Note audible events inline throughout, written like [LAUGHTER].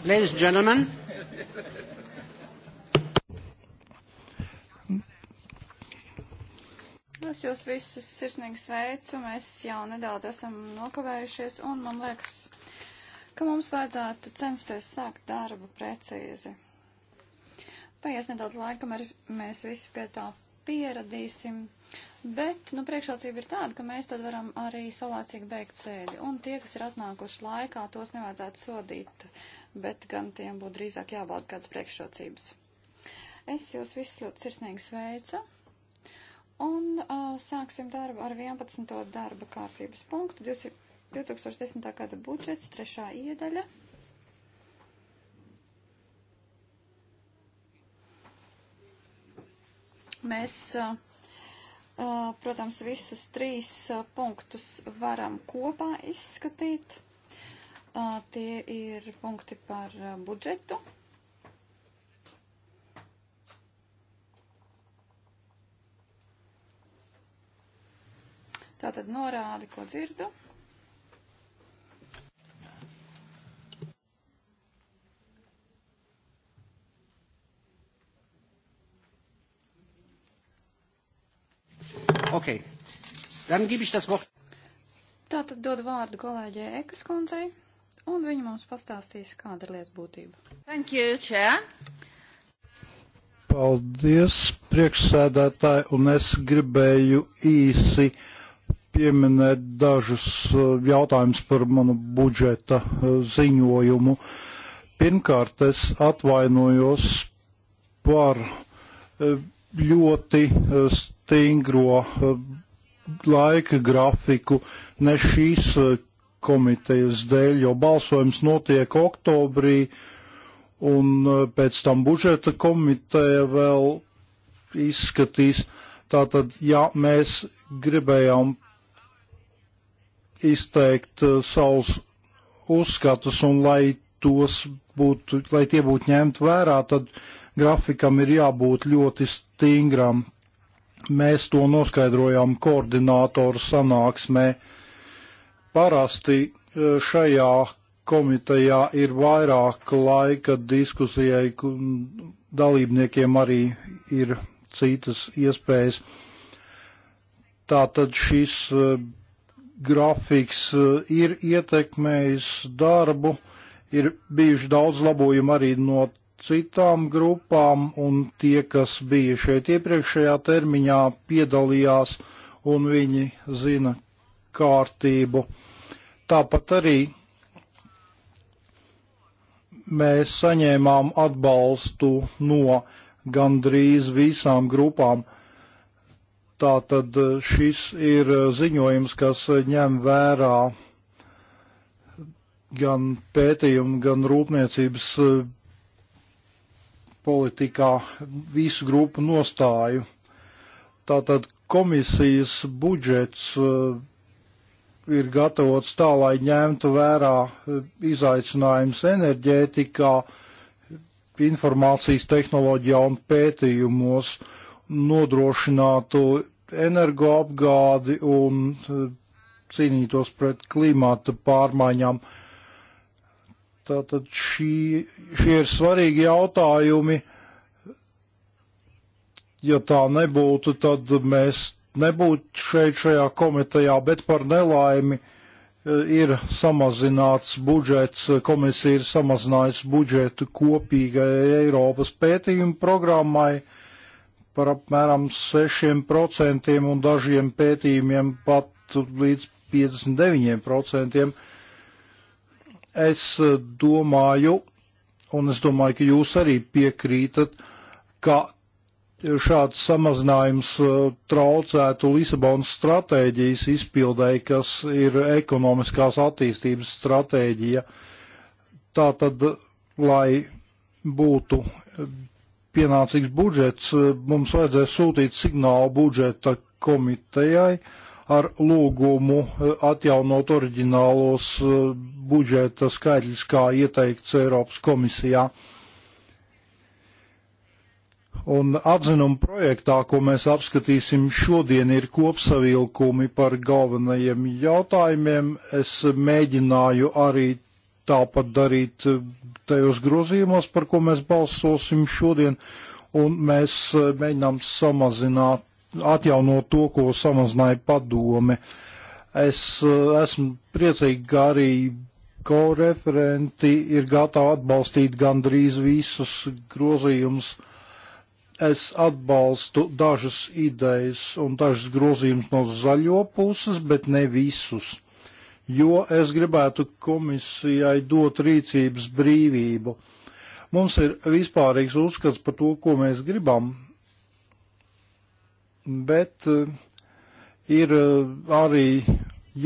Ladies and gentlemen. Es jūs visus sirsnīgi sveicu, mēs jau nedaudz esam nokavējušies, un man liekas, ka mums vajadzētu censties sākt darbu precīzi. Paies nedaudz laikam, arī mēs visi pie tā pieradīsim. Bet, nu, priekšrocība ir tāda, ka mēs tad varam arī salācīgi beigt sēdi. Un tie, kas ir atnākuši laikā, tos nevajadzētu sodīt bet gan tiem būtu drīzāk jābauda kādas priekšrocības. Es jūs visus ļoti sirsnīgi sveicu. Un uh, sāksim darbu ar 11. darba kārtības punktu. 2010. gada budžets, trešā iedaļa. Mēs, uh, uh, protams, visus trīs uh, punktus varam kopā izskatīt. Tie ir punkti par budžetu. Tātad norādi, ko dzirdu. Okay. Dann gebe ich das Wort. Tātad dod vārdu kolēģē Ekas kundzei un viņi mums pastāstīs, kāda ir lietas būtība. Thank you, Chair. Paldies, priekšsēdētāji, un es gribēju īsi pieminēt dažus uh, jautājumus par manu budžeta uh, ziņojumu. Pirmkārt, es atvainojos par uh, ļoti stingro laika grafiku. Ne šīs komitejas dēļ, jo balsojums notiek oktobrī, un e, pēc tam budžeta komiteja vēl izskatīs. Tātad, ja mēs gribējām izteikt e, savus uzskatus un lai tos būtu, lai tie būtu ņemt vērā, tad grafikam ir jābūt ļoti stingram. Mēs to noskaidrojām koordinātoru sanāksmē. Uh, Parasti e, šajā komitejā ir vairāk laika diskusijai, dalībniekiem arī ir citas iespējas. Tātad šis e, grafiks e, ir ietekmējis darbu, ir bijuši daudz labojumu arī no citām grupām, un tie, kas bija šeit iepriekšējā termiņā, piedalījās, un viņi zina kārtību. Tāpat arī mēs saņēmām atbalstu no gandrīz visām grupām. Tātad šis ir ziņojums, kas ņem vērā gan pētījumu, gan rūpniecības politikā visu grupu nostāju. Tātad komisijas budžets ir gatavots tā, lai ņemtu vērā eh, izaicinājums enerģētikā, informācijas tehnoloģijā un pētījumos, nodrošinātu energoapgādi un eh, cīnītos pret klimata pārmaiņām. Tātad šī, šie ir svarīgi jautājumi. Ja tā nebūtu, tad mēs nebūt šeit šajā komitejā, bet par nelaimi eh, ir samazināts budžets, eh, komisija ir samazinājusi budžetu kopīgai Eiropas pētījumu programmai par apmēram 6% un dažiem pētījumiem pat līdz 59%. Es eh, domāju, un es domāju, ka jūs arī piekrītat, ka šāds samazinājums e, traucētu Lisabonas stratēģijas izpildēji, kas ir ekonomiskās attīstības stratēģija. Tātad, lai būtu pienācīgs budžets, e, mums vajadzēs sūtīt signālu budžeta komitejai ar lūgumu e, atjaunot oriģinālos budžeta skaidrs, kā ieteikts Eiropas komisijā. Uh, Un atzinuma projektā, ko mēs apskatīsim šodien, ir kopsavilkumi par galvenajiem jautājumiem. Es mēģināju arī tāpat darīt eh, tajos grozījumos, par ko mēs balsosim šodien, un mēs eh, mēģinām samazināt, atjaunot to, ko samazināja padome. Es eh, esmu priecīgi, ka arī ko referenti ir gatavi atbalstīt gandrīz visus grozījumus es atbalstu dažas idejas un dažas grozījumus no zaļo puses, bet ne visus, jo es gribētu komisijai dot rīcības brīvību. Mums ir vispārīgs uzskats par to, ko mēs gribam, bet eh, ir eh, arī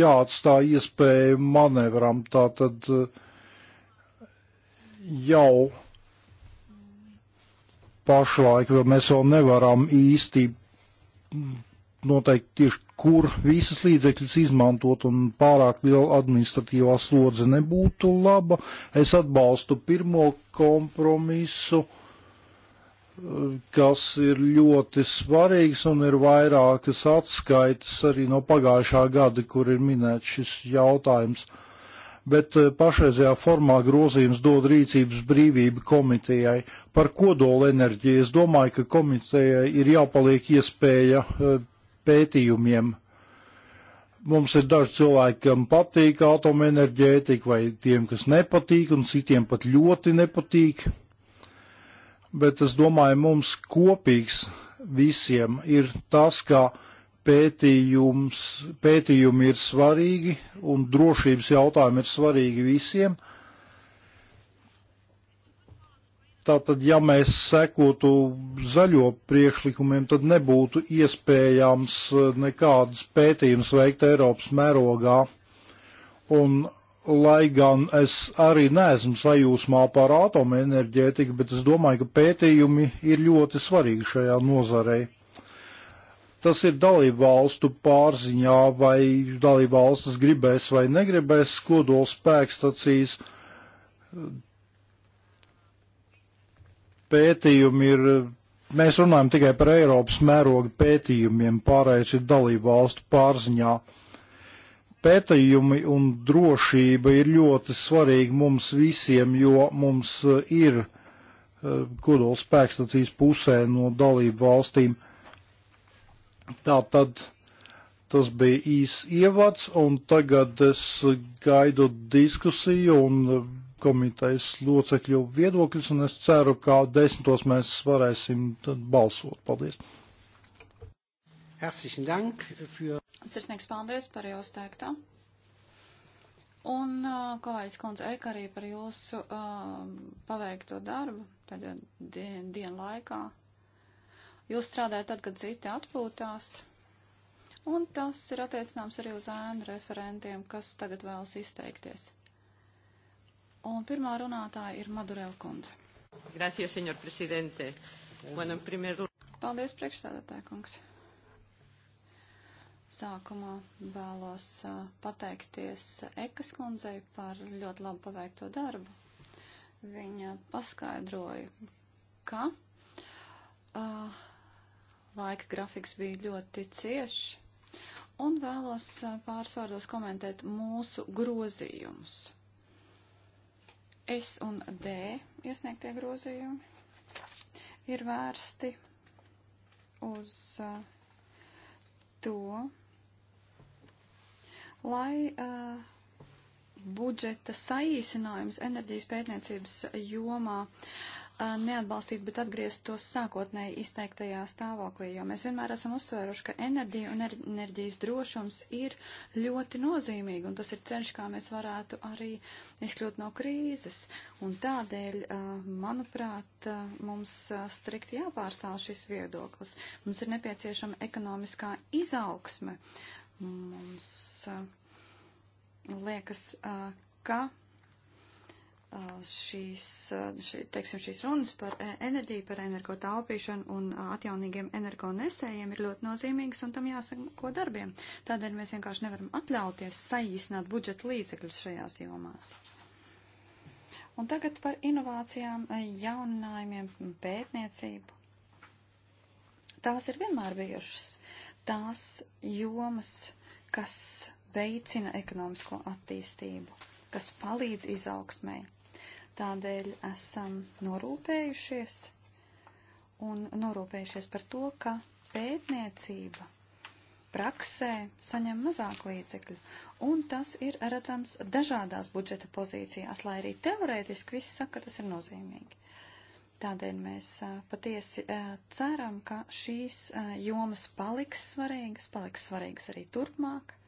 jāatstāj iespēja manevram, tātad eh, jau pašlaik, jo mēs vēl nevaram īsti noteikt tieši, kur visas līdzekļas izmantot un pārāk liela administratīvā slodze nebūtu laba. Es atbalstu pirmo kompromisu, kas ir ļoti svarīgs un ir vairākas atskaitas arī no pagājušā gada, kur ir minēts šis jautājums. Uh, bet eh, pašreizajā formā grozījums dod rīcības brīvību komitejai. Par kodola enerģiju es domāju, ka komitejai ir jāpaliek iespēja eh, pētījumiem. Mums ir daži cilvēki, kam patīk atomenerģētika, vai tiem, kas nepatīk, un citiem pat ļoti nepatīk. Bet es domāju, mums kopīgs visiem ir tas, ka uh, pētījums, pētījumi ir svarīgi un drošības jautājumi ir svarīgi visiem. Tātad, ja mēs sekotu zaļo priekšlikumiem, tad nebūtu iespējams e, nekādas pētījumas veikt Eiropas mērogā. Un, lai gan es arī neesmu sajūsmā par atomenerģētiku, bet es domāju, ka pētījumi ir ļoti svarīgi šajā nozarei. Tas ir dalību valstu pārziņā, vai dalību valstis gribēs vai negribēs kodols spēkstacijas. Pētījumi ir, mēs runājam tikai par Eiropas mēroga pētījumiem, pārējais ir dalību valstu pārziņā pētījumi un drošība ir ļoti svarīgi mums visiem, jo mums ir eh, kodols spēkstacijas pusē no dalību valstīm. Tā tad tas bija īs ievads, un tagad es gaidu diskusiju un komitejas locekļu viedokļus, un es ceru, ka desmitos mēs varēsim balsot. Paldies! Herzlichen Dank für. Sirsnīgs paldies par jūsu teikto. Un, uh, kolēģis Kundze, eik arī par jūsu uh, paveikto darbu pēdējo dienu laikā. Jūs strādājat tad, kad citi atpūtās. Un tas ir attiecināms arī uz ēnu referentiem, kas tagad vēlas izteikties. Un pirmā runātāja ir Madurel kundze. Gracias, senor presidente. Bueno, en primer Paldies, priekšsēdētāja kungs. Sākumā vēlos pateikties Ekas kundzei par ļoti labu paveikto darbu. Viņa paskaidroja, ka uh, Laika grafiks bija ļoti cieši. Un vēlos uh, pāris vārdos komentēt mūsu grozījumus. S un D iesniegtie grozījumi ir vērsti uz uh, to, lai uh, budžeta saīsinājums enerģijas pētniecības jomā uh, neatbalstīt, bet atgriezt tos sākotnēji izteiktajā stāvoklī, jo mēs vienmēr esam uzsvēruši, ka enerģija un enerģijas drošums ir ļoti nozīmīgi, un tas ir ceļš, kā mēs varētu arī izkļūt no krīzes. Un tādēļ, manuprāt, mums strikti jāpārstāv šis viedoklis. Mums ir nepieciešama ekonomiskā izaugsme. Mums liekas, ka Uh, šīs, uh, šī, teiksim, šīs runas par e, enerģiju, par energo taupīšanu un uh, atjaunīgiem energo nesējiem ir ļoti nozīmīgas un tam jāsaka, ko darbiem. Tādēļ mēs vienkārši nevaram atļauties saīsināt budžeta līdzekļus šajās jomās. Un tagad par inovācijām, e, jauninājumiem, pētniecību. Tās ir vienmēr bijušas tās jomas, kas veicina ekonomisko attīstību, kas palīdz izaugsmēji Tādēļ esam norūpējušies un norūpējušies par to, ka pētniecība praksē saņem mazāk līdzekļu, un tas ir redzams dažādās budžeta pozīcijās, lai arī teorētiski viss saka, ka tas ir nozīmīgi. Tādēļ mēs patiesi ceram, ka šīs jomas paliks svarīgas, paliks svarīgas arī turpmāk,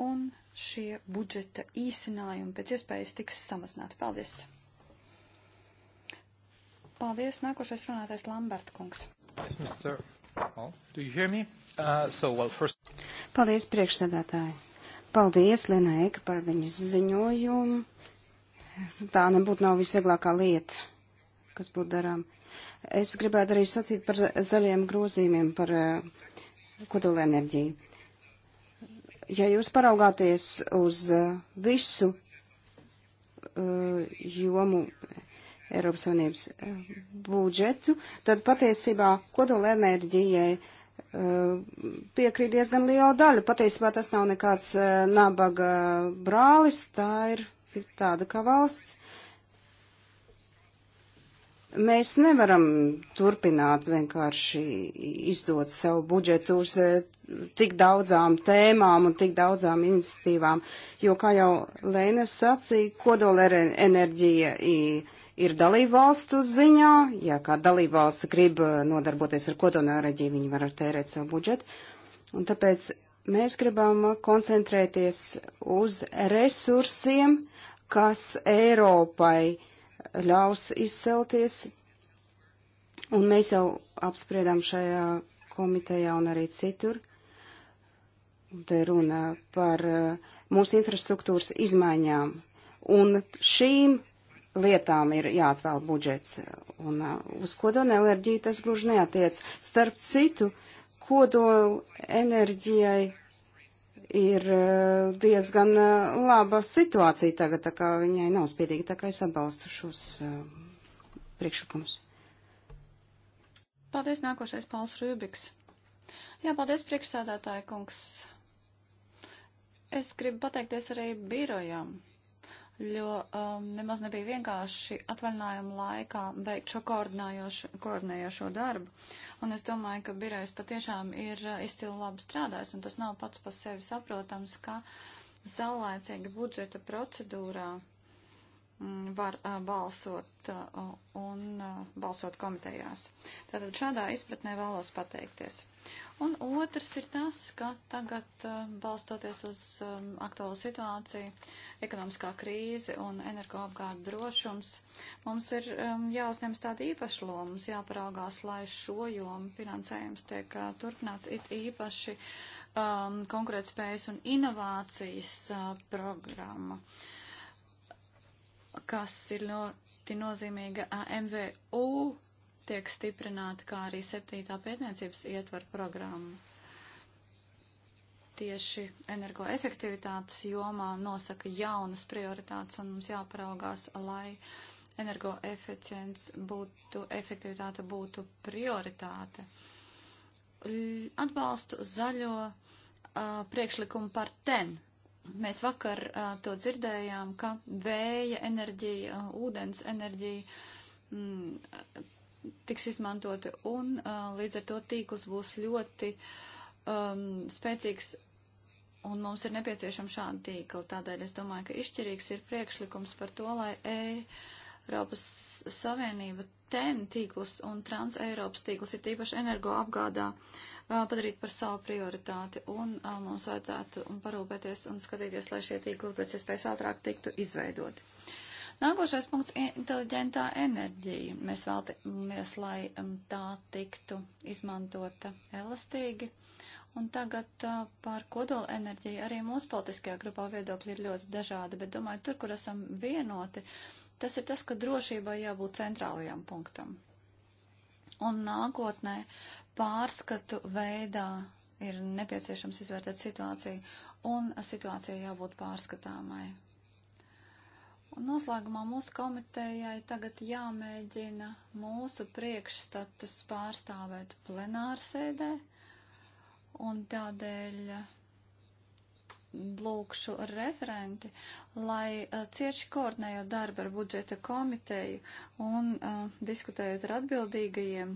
un šie budžeta īsinājumi pēc iespējas tiks samazināti. Paldies! Paldies! Nākošais runātais Lamberta kungs. Yes, Mr. Hall, do you hear me? Uh, so, well, first... Paldies, priekšsēdētāji! Paldies, Lena Eka, par viņas ziņojumu. Tā nebūtu nav visvieglākā lieta, kas būtu darām. Es gribētu arī sacīt par zaļiem grozījumiem, par uh, kodolenerģiju. Ja jūs paraugāties uz uh, visu uh, jomu Eiropas Savienības uh, budžetu, tad patiesībā kodola enerģijai uh, piekrīt diezgan liela daļa. Patiesībā tas nav nekāds nabaga brālis, tā ir tāda kā valsts. Mēs nevaram turpināt vienkārši izdot savu budžetu uz tik daudzām tēmām un tik daudzām iniciatīvām, jo, kā jau Lēnes sacīja, kodola enerģija ir dalībvalstu ziņā, ja kā dalībvalsts grib uh, nodarboties ar kodola enerģiju, viņi var tērēt savu budžetu, un tāpēc mēs gribam uh, koncentrēties uz resursiem, kas Eiropai uh, ļaus izcelties, un mēs jau apspriedām šajā komitejā un arī citur Te runa par eh, mūsu infrastruktūras izmaiņām. Un šīm lietām ir jāatvēl budžets. Un eh, uz kodolenerģiju tas gluži neatiec. Starp citu, kodolenerģijai ir eh, diezgan laba situācija tagad, tā kā viņai nav spiedīgi, tā kā es atbalstu šos priekšlikumus. Paldies, nākošais Pauls Rūbiks. Jā, paldies, priekšsēdētāja kungs. Es gribu pateikties arī birojam, jo um, nemaz nebija vienkārši atvaļinājuma laikā veikt šo koordinējošo darbu. Un es domāju, ka birojas patiešām ir uh, izcili labi strādājis, un tas nav pats par sevi saprotams, ka saulēcīgi budžeta procedūrā Mm, var uh, balsot uh, un uh, balsot komitejās. Tātad šādā izpratnē vēlos pateikties. Un otrs ir tas, ka tagad balstoties uz um, aktuālu situāciju, ekonomiskā krīze un energoapgāda drošums, mums ir um, jāuzņemas tāda īpaša loma, mums jāparaugās, lai šo jomu finansējums tiek uh, turpināts it īpaši um, konkurētspējas un inovācijas uh, programma. Uh, kas ir ļoti nozīmīga MVU, tiek stiprināta, kā arī septītā pētniecības ietvar programma. Tieši energoefektivitātes jomā nosaka jaunas prioritātes un mums jāparaugās, lai energoefekts būtu, efektivitāte būtu prioritāte. Atbalstu zaļo uh, priekšlikumu par ten Mēs vakar uh, to dzirdējām, ka vēja enerģija, uh, ūdens enerģija mm, tiks izmantoti un uh, līdz ar to tīkls būs ļoti um, spēcīgs un mums ir nepieciešama šāda tīkla. Tādēļ es domāju, ka izšķirīgs ir priekšlikums par to, lai Eiropas Savienība ten tīklus un trans Eiropas tīklus ir tīpaši energo apgādā. Uh, padarīt par savu prioritāti. Un mums vajadzētu parūpēties un skatīties, lai šie tīkli pēc iespējas ātrāk tiktu izveidoti. Nākošais punkts - inteliģentā enerģija. Mēs vēlamies, lai tā tiktu izmantota elastīgi. Un tagad uh, par kodola enerģiju. Arī mūsu politiskajā grupā viedokļi ir ļoti dažādi, bet domāju, tur, kur esam vienoti, tas ir tas, ka drošībai jābūt centrālajam punktam un nākotnē pārskatu veidā ir nepieciešams izvērtēt situāciju, un situācija jābūt pārskatāmai. Un noslēgumā mūsu komitejai tagad jāmēģina mūsu priekšstatus pārstāvēt plenārsēdē, un tādēļ lūkšu referenti, lai uh, cieši koordinējot darbu ar budžeta komiteju un uh, diskutējot ar atbildīgajiem,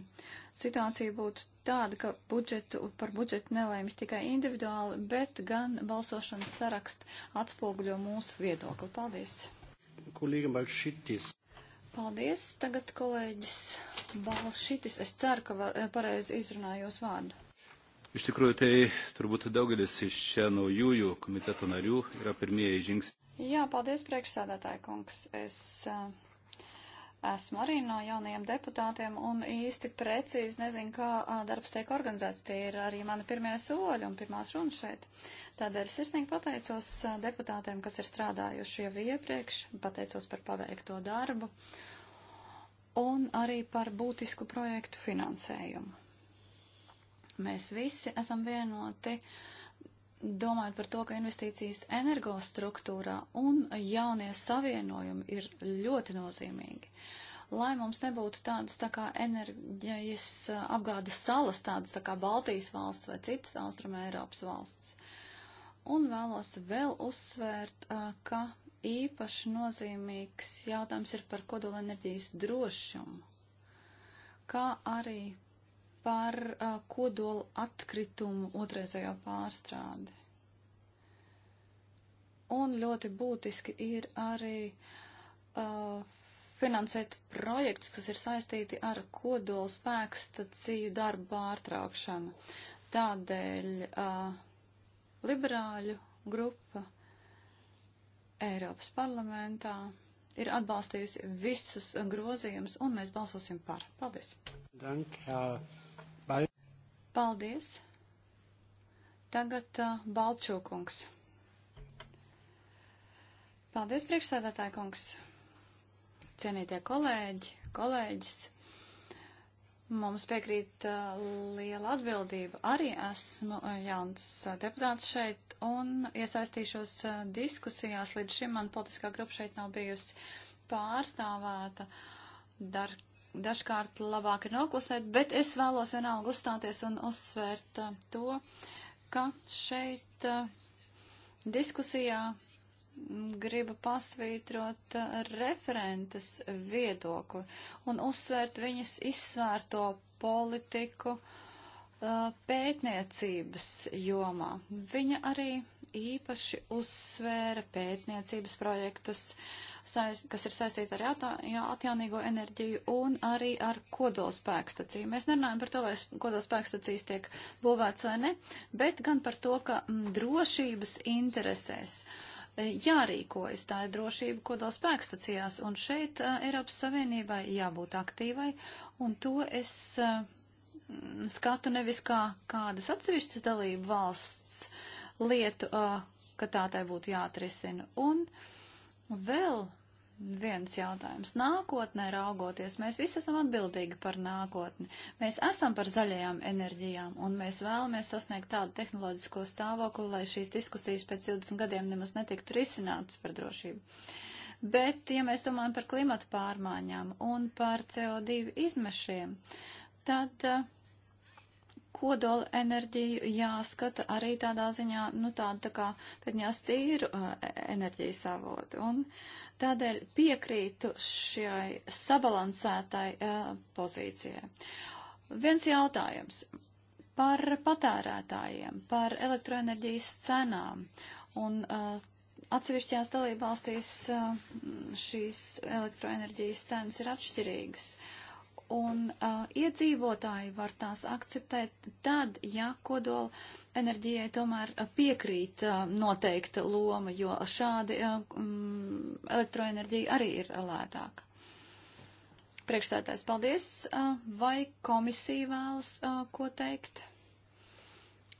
situācija būtu tāda, ka budžetu, par budžetu nelēmis tikai individuāli, bet gan balsošanas saraksts atspoguļo mūsu viedokli. Paldies! Kolīga Balšitis. Paldies, tagad kolēģis Balšitis. Es ceru, ka var, eh, pareizi izrunājos vārdu. Iš tikrųjų, tai turbūt daugelis iš čia naujųjų komiteto narių yra pirmieji žingsniai. Jā, paldies, priekšsēdētāji kungs. Es eh, esmu arī no jaunajiem deputātiem un īsti precīzi nezinu, kā darbs tiek organizēts. Tie ir arī mani pirmie soļi un pirmās runas šeit. Tādēļ sirsnīgi pateicos deputātiem, kas ir strādājuši jau iepriekš, pateicos par paveikto darbu un arī par būtisku projektu finansējumu. Mēs visi esam vienoti domājot par to, ka investīcijas energostruktūrā un jaunie savienojumi ir ļoti nozīmīgi. Lai mums nebūtu tādas tā kā enerģijas apgādes salas, tādas tā kā Baltijas valsts vai citas Austruma Eiropas valsts. Un vēlos vēl uzsvērt, ka īpaši nozīmīgs jautājums ir par kodolenerģijas drošumu, kā arī par uh, kodolu atkritumu otrreizējo pārstrādi. Un ļoti būtiski ir arī uh, finansēt projektus, kas ir saistīti ar kodola spēkstaciju darbu pārtraukšanu. Tādēļ uh, liberāļu grupa Eiropas parlamentā ir atbalstījusi visus grozījumus, un mēs balsosim par. Paldies! Dank, uh... Paldies! Tagad uh, Balčūkungs. Paldies, priekšsēdētāja kungs! Cienītie kolēģi, kolēģis! Mums piekrīt uh, liela atbildība. Arī esmu uh, jauns uh, deputāts šeit un iesaistīšos uh, diskusijās. Līdz šim man politiskā grupa šeit nav bijusi pārstāvēta. Dar dažkārt labāk ir noklusēt, bet es vēlos vienalga uzstāties un uzsvērt uh, to, ka šeit uh, diskusijā mm, gribu pasvītrot eh, referentes viedokli un uzsvērt viņas izsvērto politiku uh, Uh, pētniecības jomā. Viņa arī īpaši uzsvēra pētniecības projektus, kas ir saistīti ar atjaunīgo enerģiju un arī ar kodolspēkstaciju. Mēs nerunājam par to, vai kodolspēkstacijas tiek būvēts vai ne, bet gan par to, ka mm, drošības interesēs eh, jārīkojas. Tā ir drošība kodolspēkstacijās, un šeit eh, Eiropas Savienībai jābūt aktīvai, un to es eh, skatu nevis kā kādas atsevišķas dalību valsts lietu, ka tā tai būtu jāatrisina. Un vēl viens jautājums. Nākotnē raugoties, mēs visi esam atbildīgi par nākotni. Mēs esam par zaļajām enerģijām, un mēs vēlamies sasniegt tādu tehnoloģisko stāvokli, lai šīs diskusijas pēc 20 gadiem nemaz netiktu risinātas par drošību. Bet, ja mēs domājam par klimatu pārmaiņām un par CO2 izmešiem, tad uh, kodola enerģiju jāskata arī tādā ziņā, nu tāda tā kā pēdējās tīru uh, enerģijas avotu. Un tādēļ piekrītu šai sabalansētai uh, pozīcijai. Viens jautājums par patērētājiem, par elektroenerģijas cenām un uh, atsevišķās dalībvalstīs uh, šīs elektroenerģijas cenas ir atšķirīgas. Uh, un uh, iedzīvotāji var tās akceptēt tad, ja kodola enerģijai tomēr piekrīt uh, noteikta loma, jo šādi uh, um, elektroenerģija arī ir lētāka. Priekšstādājs, paldies. Uh, vai komisija vēlas uh, ko teikt?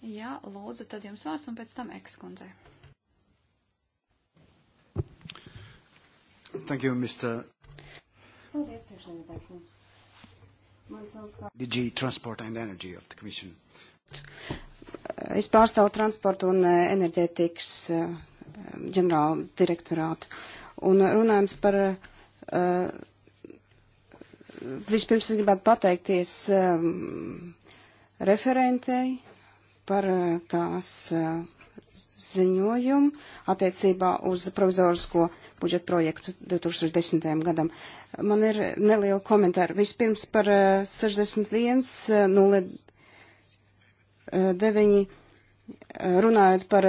Jā, lūdzu, tad jums vārds un pēc tam ekskundzei. Thank you, Mr. Paldies, priekšsēdētāj, kungs. DG Transport and Energy of the Commission. Es pārstāvu transportu un eh, enerģētikas eh, ģenerālu direktorātu. Un runājums par. Uh, vispirms es gribētu pateikties um, referentei par tās uh, ziņojumu attiecībā uz provizorisko uh, budžeta projektu 2010. gadam. Man ir neliela komentāra. Vispirms par 61.09. Eh, eh, eh, runājot par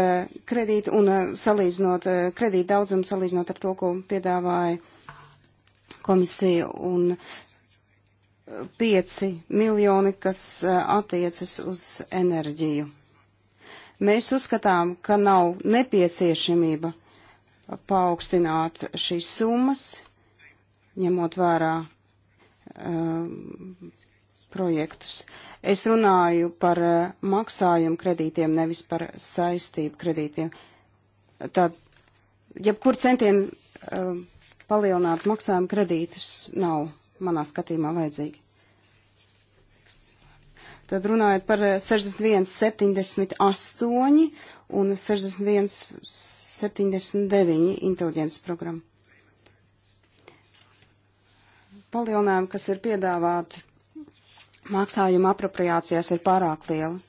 kredītu un salīdzinot kredītu daudzumu, salīdzinot ar to, ko piedāvāja komisija un 5 miljoni, kas attiecas uz enerģiju mēs uzskatām, ka nav nepieciešamība paaugstināt šīs summas, ņemot vērā um, projektus. Es runāju par uh, maksājumu kredītiem, nevis par saistību kredītiem. Tad, jebkur centienu um, palielināt maksājumu kredītus nav manā skatījumā vajadzīgi. Tad runājot par 61, uh, 78 un 61,79 inteliģences programma. Palielinājumi, kas ir piedāvāti maksājuma apropriācijās, ir pārāk lieli.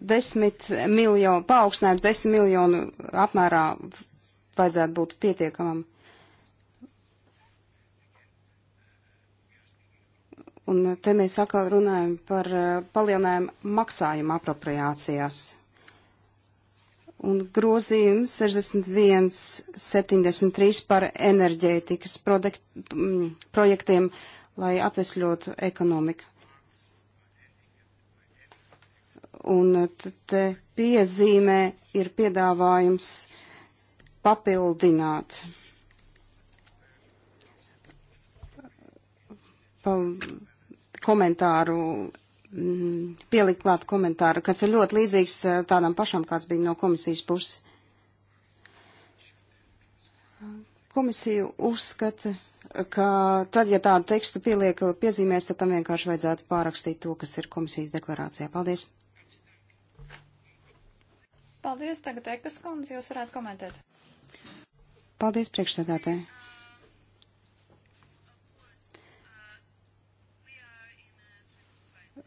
Desmit miljonu, paaugstinājums desmit miljonu apmērā vajadzētu būt pietiekamam. Un te mēs atkal runājam par eh, palielinājumu maksājumu apropriācijās un grozījums 61.73 par enerģētikas produkt, mm, projektiem, lai atvesļotu ekonomiku. Un te piezīmē ir piedāvājums papildināt. Pa, komentāru Mm, pielikt klāt komentāru, kas ir ļoti līdzīgs eh, tādam pašam, kāds bija no komisijas puses. Komisija uzskata, ka tad, ja tādu tekstu pieliek piezīmēs, tad tam vienkārši vajadzētu pārakstīt to, kas ir komisijas deklarācijā. Paldies! Paldies, tagad Ekas kundze, jūs varētu komentēt. Paldies, priekšsēdētāji!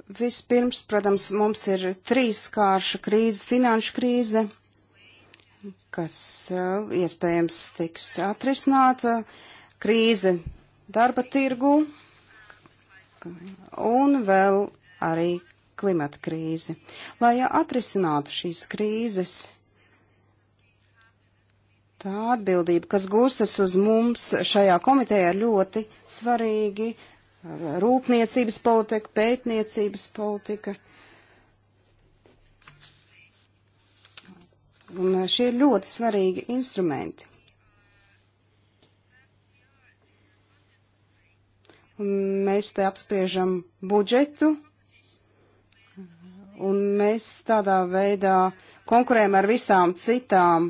Vispirms, protams, mums ir trīskārša krīze, finanšu krīze, kas eh, iespējams tiks atrisināta, krīze darba tirgu un vēl arī klimata krīze. Lai atrisinātu šīs krīzes, tā atbildība, kas gūstas uz mums šajā komitejā, ir ļoti svarīgi rūpniecības politika, pētniecības politika. Un eh, šie ir ļoti svarīgi instrumenti. Un mēs te apspriežam budžetu, un mēs tādā veidā konkurējam ar visām citām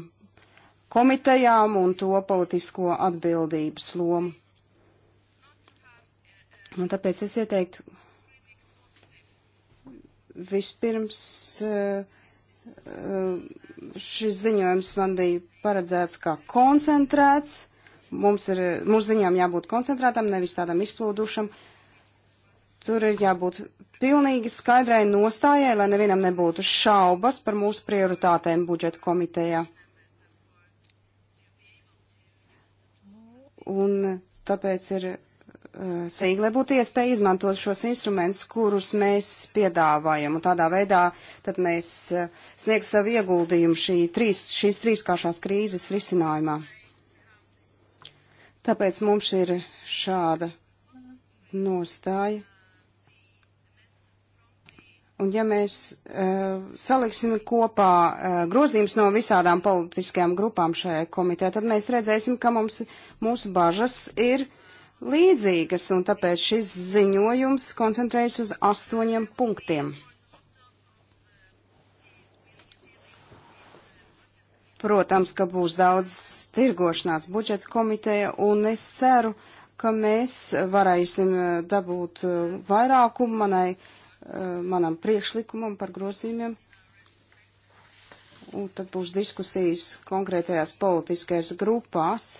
komitejām un to politisko atbildības lomu. Un tāpēc es ieteiktu vispirms eh, šis ziņojums man bija paredzēts kā koncentrēts. Mums ir, mūsu ziņām jābūt koncentrētam, nevis tādam izplūdušam. Tur ir jābūt pilnīgi skaidrai nostājai, lai nevienam nebūtu šaubas par mūsu prioritātēm budžeta komitejā. Un tāpēc ir Sīglē būtu iespēja izmantot šos instrumentus, kurus mēs piedāvājam, un tādā veidā tad mēs eh, sniegsim savu ieguldījumu šī trīs, šīs trīskāršās krīzes risinājumā. Tāpēc mums ir šāda nostāja. Un ja mēs uh, saliksim kopā uh, grozījums no visādām politiskajām grupām šajā komitē, tad mēs redzēsim, ka mums, mūsu bažas ir uh, līdzīgas, un tāpēc šis ziņojums koncentrējas uz astoņiem punktiem. Protams, ka būs daudz tirgošanās budžeta komiteja, un es ceru, ka mēs varēsim eh, dabūt eh, vairākumu manai, eh, manam priekšlikumam par grozījumiem. Un tad būs diskusijas konkrētajās politiskajās grupās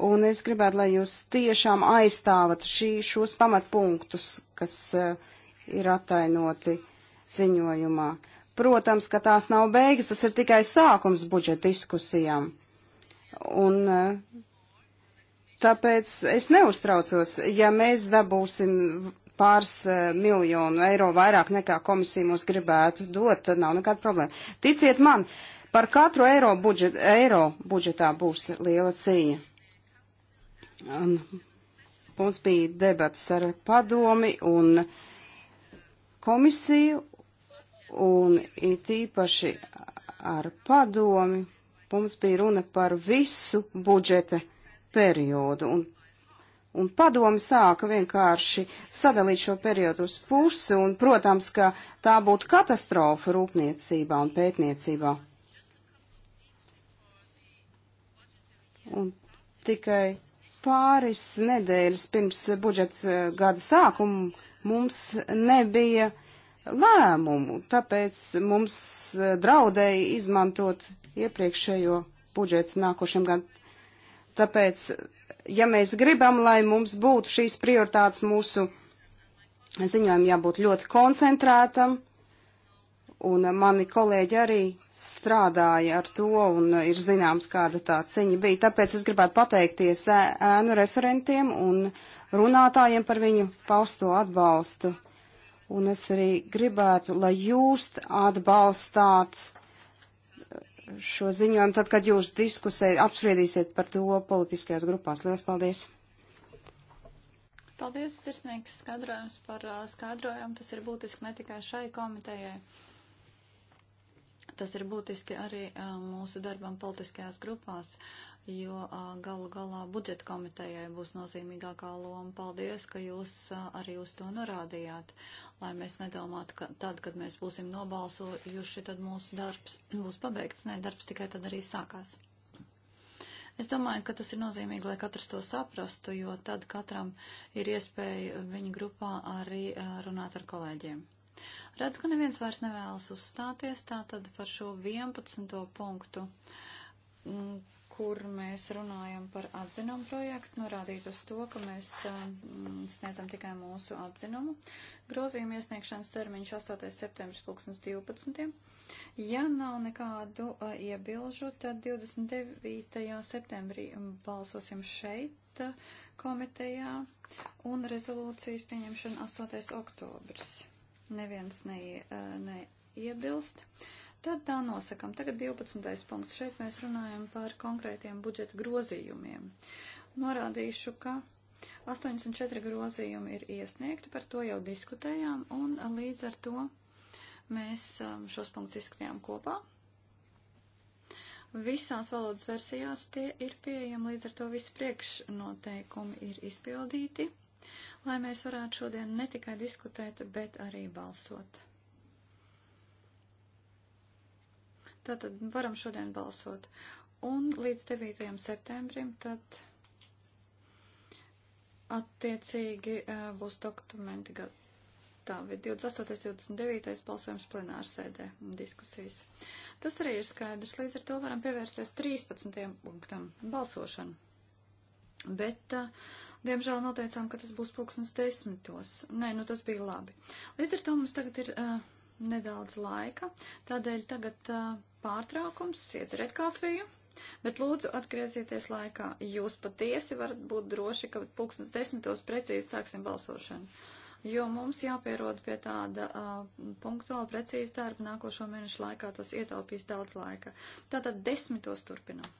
Un es gribētu, lai jūs tiešām aizstāvat šī, šos pamatpunktus, kas uh, ir atainoti ziņojumā. Protams, ka tās nav beigas, tas ir tikai sākums budžeta diskusijām. Un uh, tāpēc es neuztraucos, ja mēs dabūsim pāris uh, miljonu eiro vairāk nekā komisija mums gribētu dot, tad nav nekāda problēma. Ticiet man, par katru eiro, budžet, eiro budžetā būs liela cīņa. Un mums bija debats ar padomi un komisiju, un it īpaši ar padomi mums bija runa par visu budžeta periodu. Un Un padomi sāka vienkārši sadalīt šo periodu uz pusi, un, protams, ka tā būtu katastrofa rūpniecībā un pētniecībā. Un tikai Pāris nedēļas pirms budžeta eh, gada sākuma mums nebija lēmumu, tāpēc mums eh, draudēja izmantot iepriekšējo budžetu nākošiem gadiem. Tāpēc, ja mēs gribam, lai mums būtu šīs prioritātes mūsu ziņojumam, jābūt ļoti koncentrētam, Un mani kolēģi arī strādāja ar to, un ir zināms, kāda tā ciņa bija. Tāpēc es gribētu pateikties ēnu referentiem un runātājiem par viņu pausto atbalstu. Un es arī gribētu, lai jūs atbalstāt šo ziņojumu, tad, kad jūs diskusē apspriedīsiet par to politiskajās grupās. Lielas paldies! Paldies, sirsnīgs skaidrojums par skaidrojumu. Tas ir būtiski ne tikai šai komitejai tas ir būtiski arī mūsu darbam politiskajās grupās, jo galu galā budžeta komitejai būs nozīmīgākā loma. Paldies, ka jūs arī uz to norādījāt, lai mēs nedomātu, ka tad, kad mēs būsim nobalsojuši, tad mūsu darbs būs pabeigts. Nē, darbs tikai tad arī sākās. Es domāju, ka tas ir nozīmīgi, lai katrs to saprastu, jo tad katram ir iespēja viņa grupā arī runāt ar kolēģiem. Redz, ka neviens vairs nevēlas uzstāties tātad par šo 11. punktu, mm, kur mēs runājam par atzinumu projektu, norādīt uz to, ka mēs mm, sniedzam tikai mūsu atzinumu. Grozījuma iesniegšanas termiņš 8. septembris 2012. Ja nav nekādu uh, iebilžu, tad 29. septembrī balsosim šeit uh, komitejā un rezolūcijas pieņemšana 8. oktobrs neviens neie, eh, neiebilst. Tad tā nosakam. Tagad 12. punkts. Šeit mēs runājam par konkrētiem budžeta grozījumiem. Norādīšu, ka 84 grozījumi ir iesniegti, par to jau diskutējām, un līdz ar to mēs eh, šos punktus izskatījām kopā. Visās valodas versijās tie ir pieejami, līdz ar to visi priekšnoteikumi ir izpildīti lai mēs varētu šodien ne tikai diskutēt, bet arī balsot. Tātad varam šodien balsot. Un līdz 9. septembrim tad attiecīgi būs dokumenti gatavi. 28. 29. balsojums plenārsēdē diskusijas. Tas arī ir skaidrs. Līdz ar to varam pievērsties 13. punktam - balsošanu. Bet, diemžēl, noteicām, ka tas būs pulkstens desmitos. Nē, nu tas bija labi. Līdz ar to mums tagad ir uh, nedaudz laika, tādēļ tagad uh, pārtraukums, iedzeriet kafiju. Bet lūdzu atgriezieties laikā. Jūs patiesi varat būt droši, ka pulkstens desmitos precīzi sāksim balsošanu. Jo mums jāpierod pie tāda uh, punktuāla precīza darba nākošo mēnešu laikā, tas ietaupīs daudz laika. Tātad desmitos turpinām.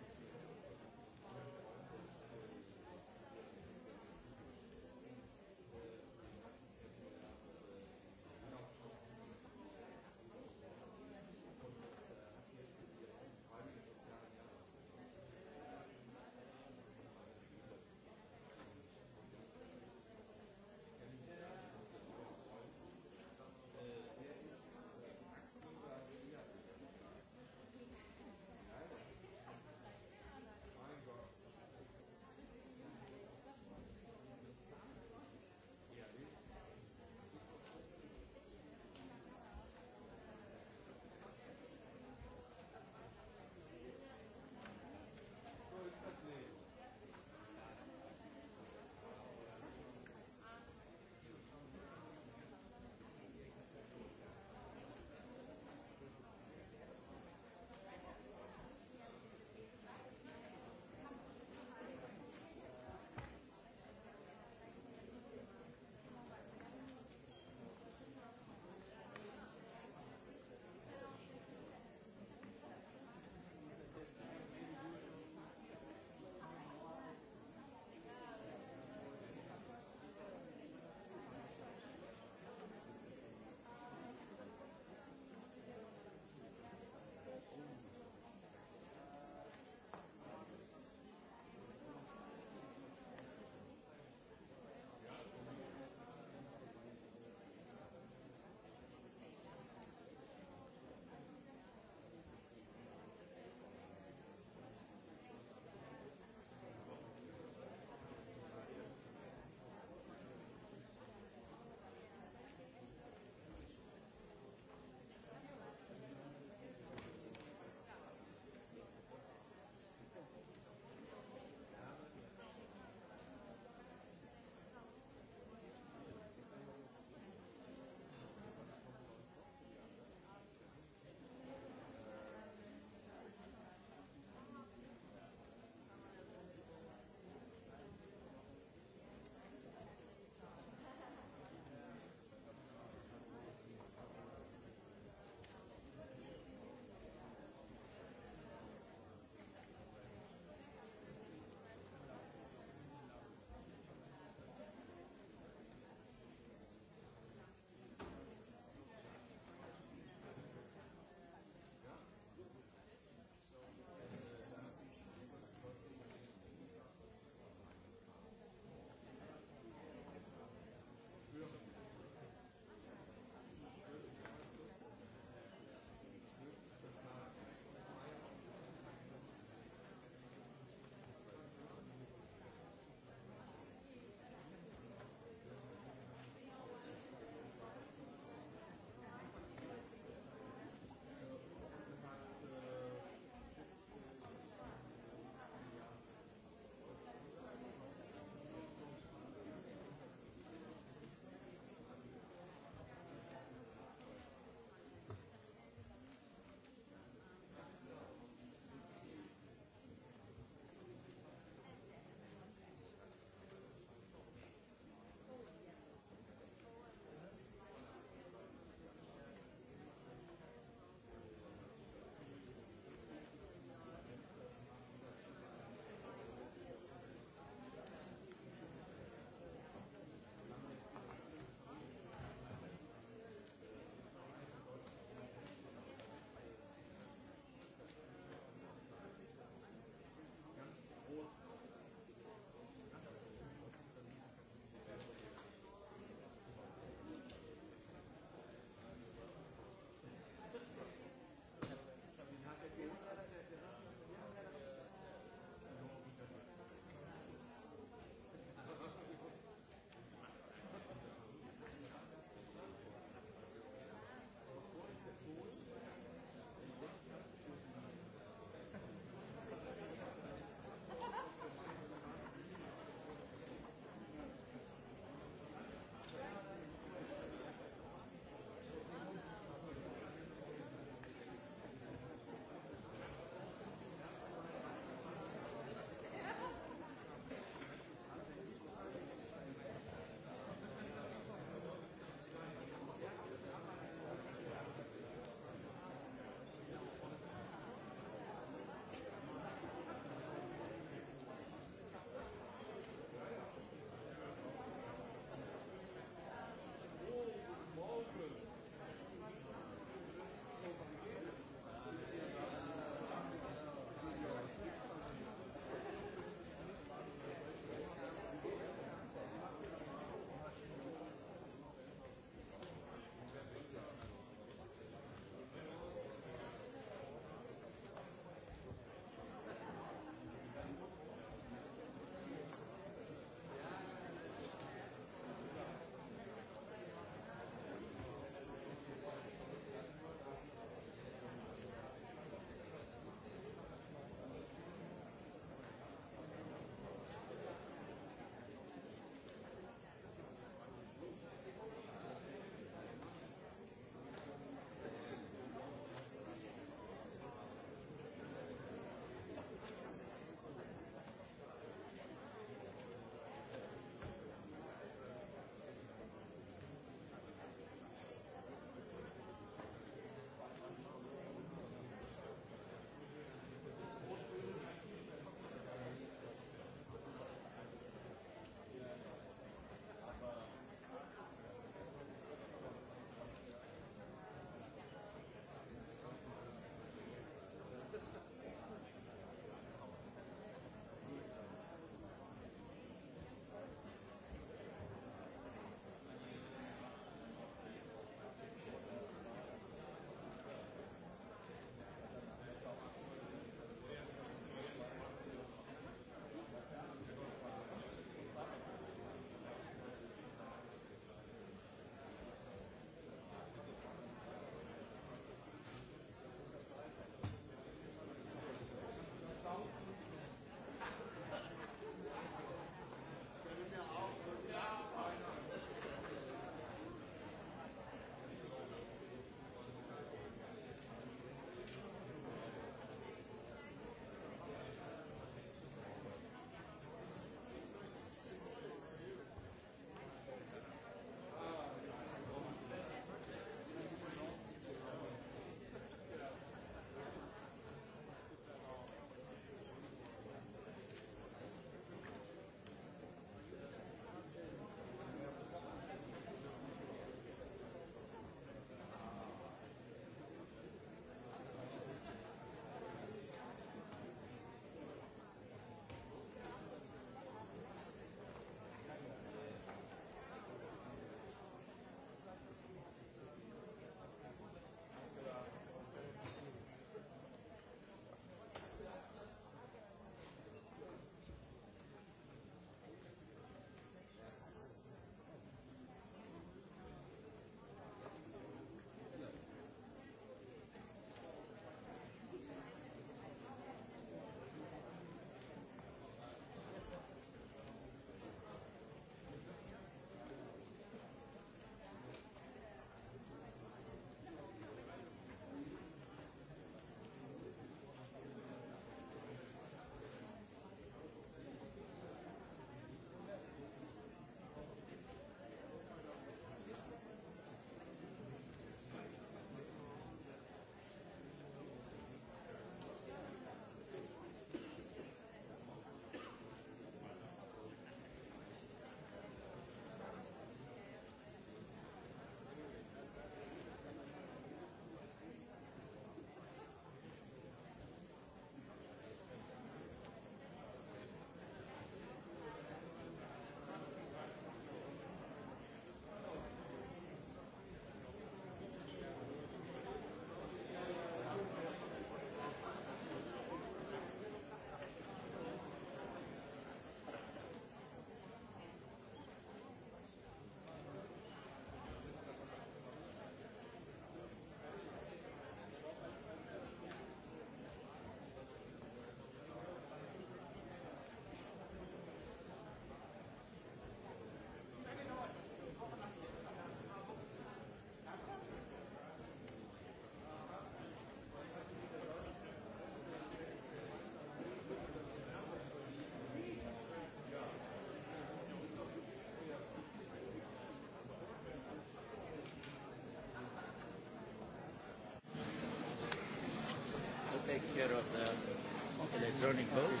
care of the electronic vote.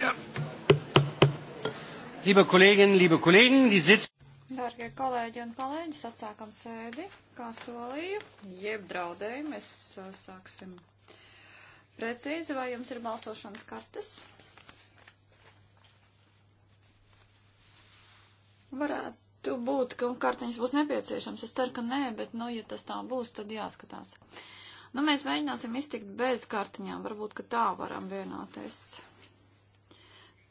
Yeah. Liebe Kolleginnen, liebe Kollegen, die Sitz. Dārgie kolēģi un kolēģis, atsākam sēdi, kā solīju, jeb draudēju, mēs uh, sāksim precīzi, vai jums ir balsošanas kartes? Varētu būt, ka kartiņas būs nepieciešams, es ceru, ka nē, bet, nu, ja tas tā būs, tad jāskatās. Uh, Nu, mēs mēģināsim iztikt bez kartiņām, varbūt, ka tā varam vienoties.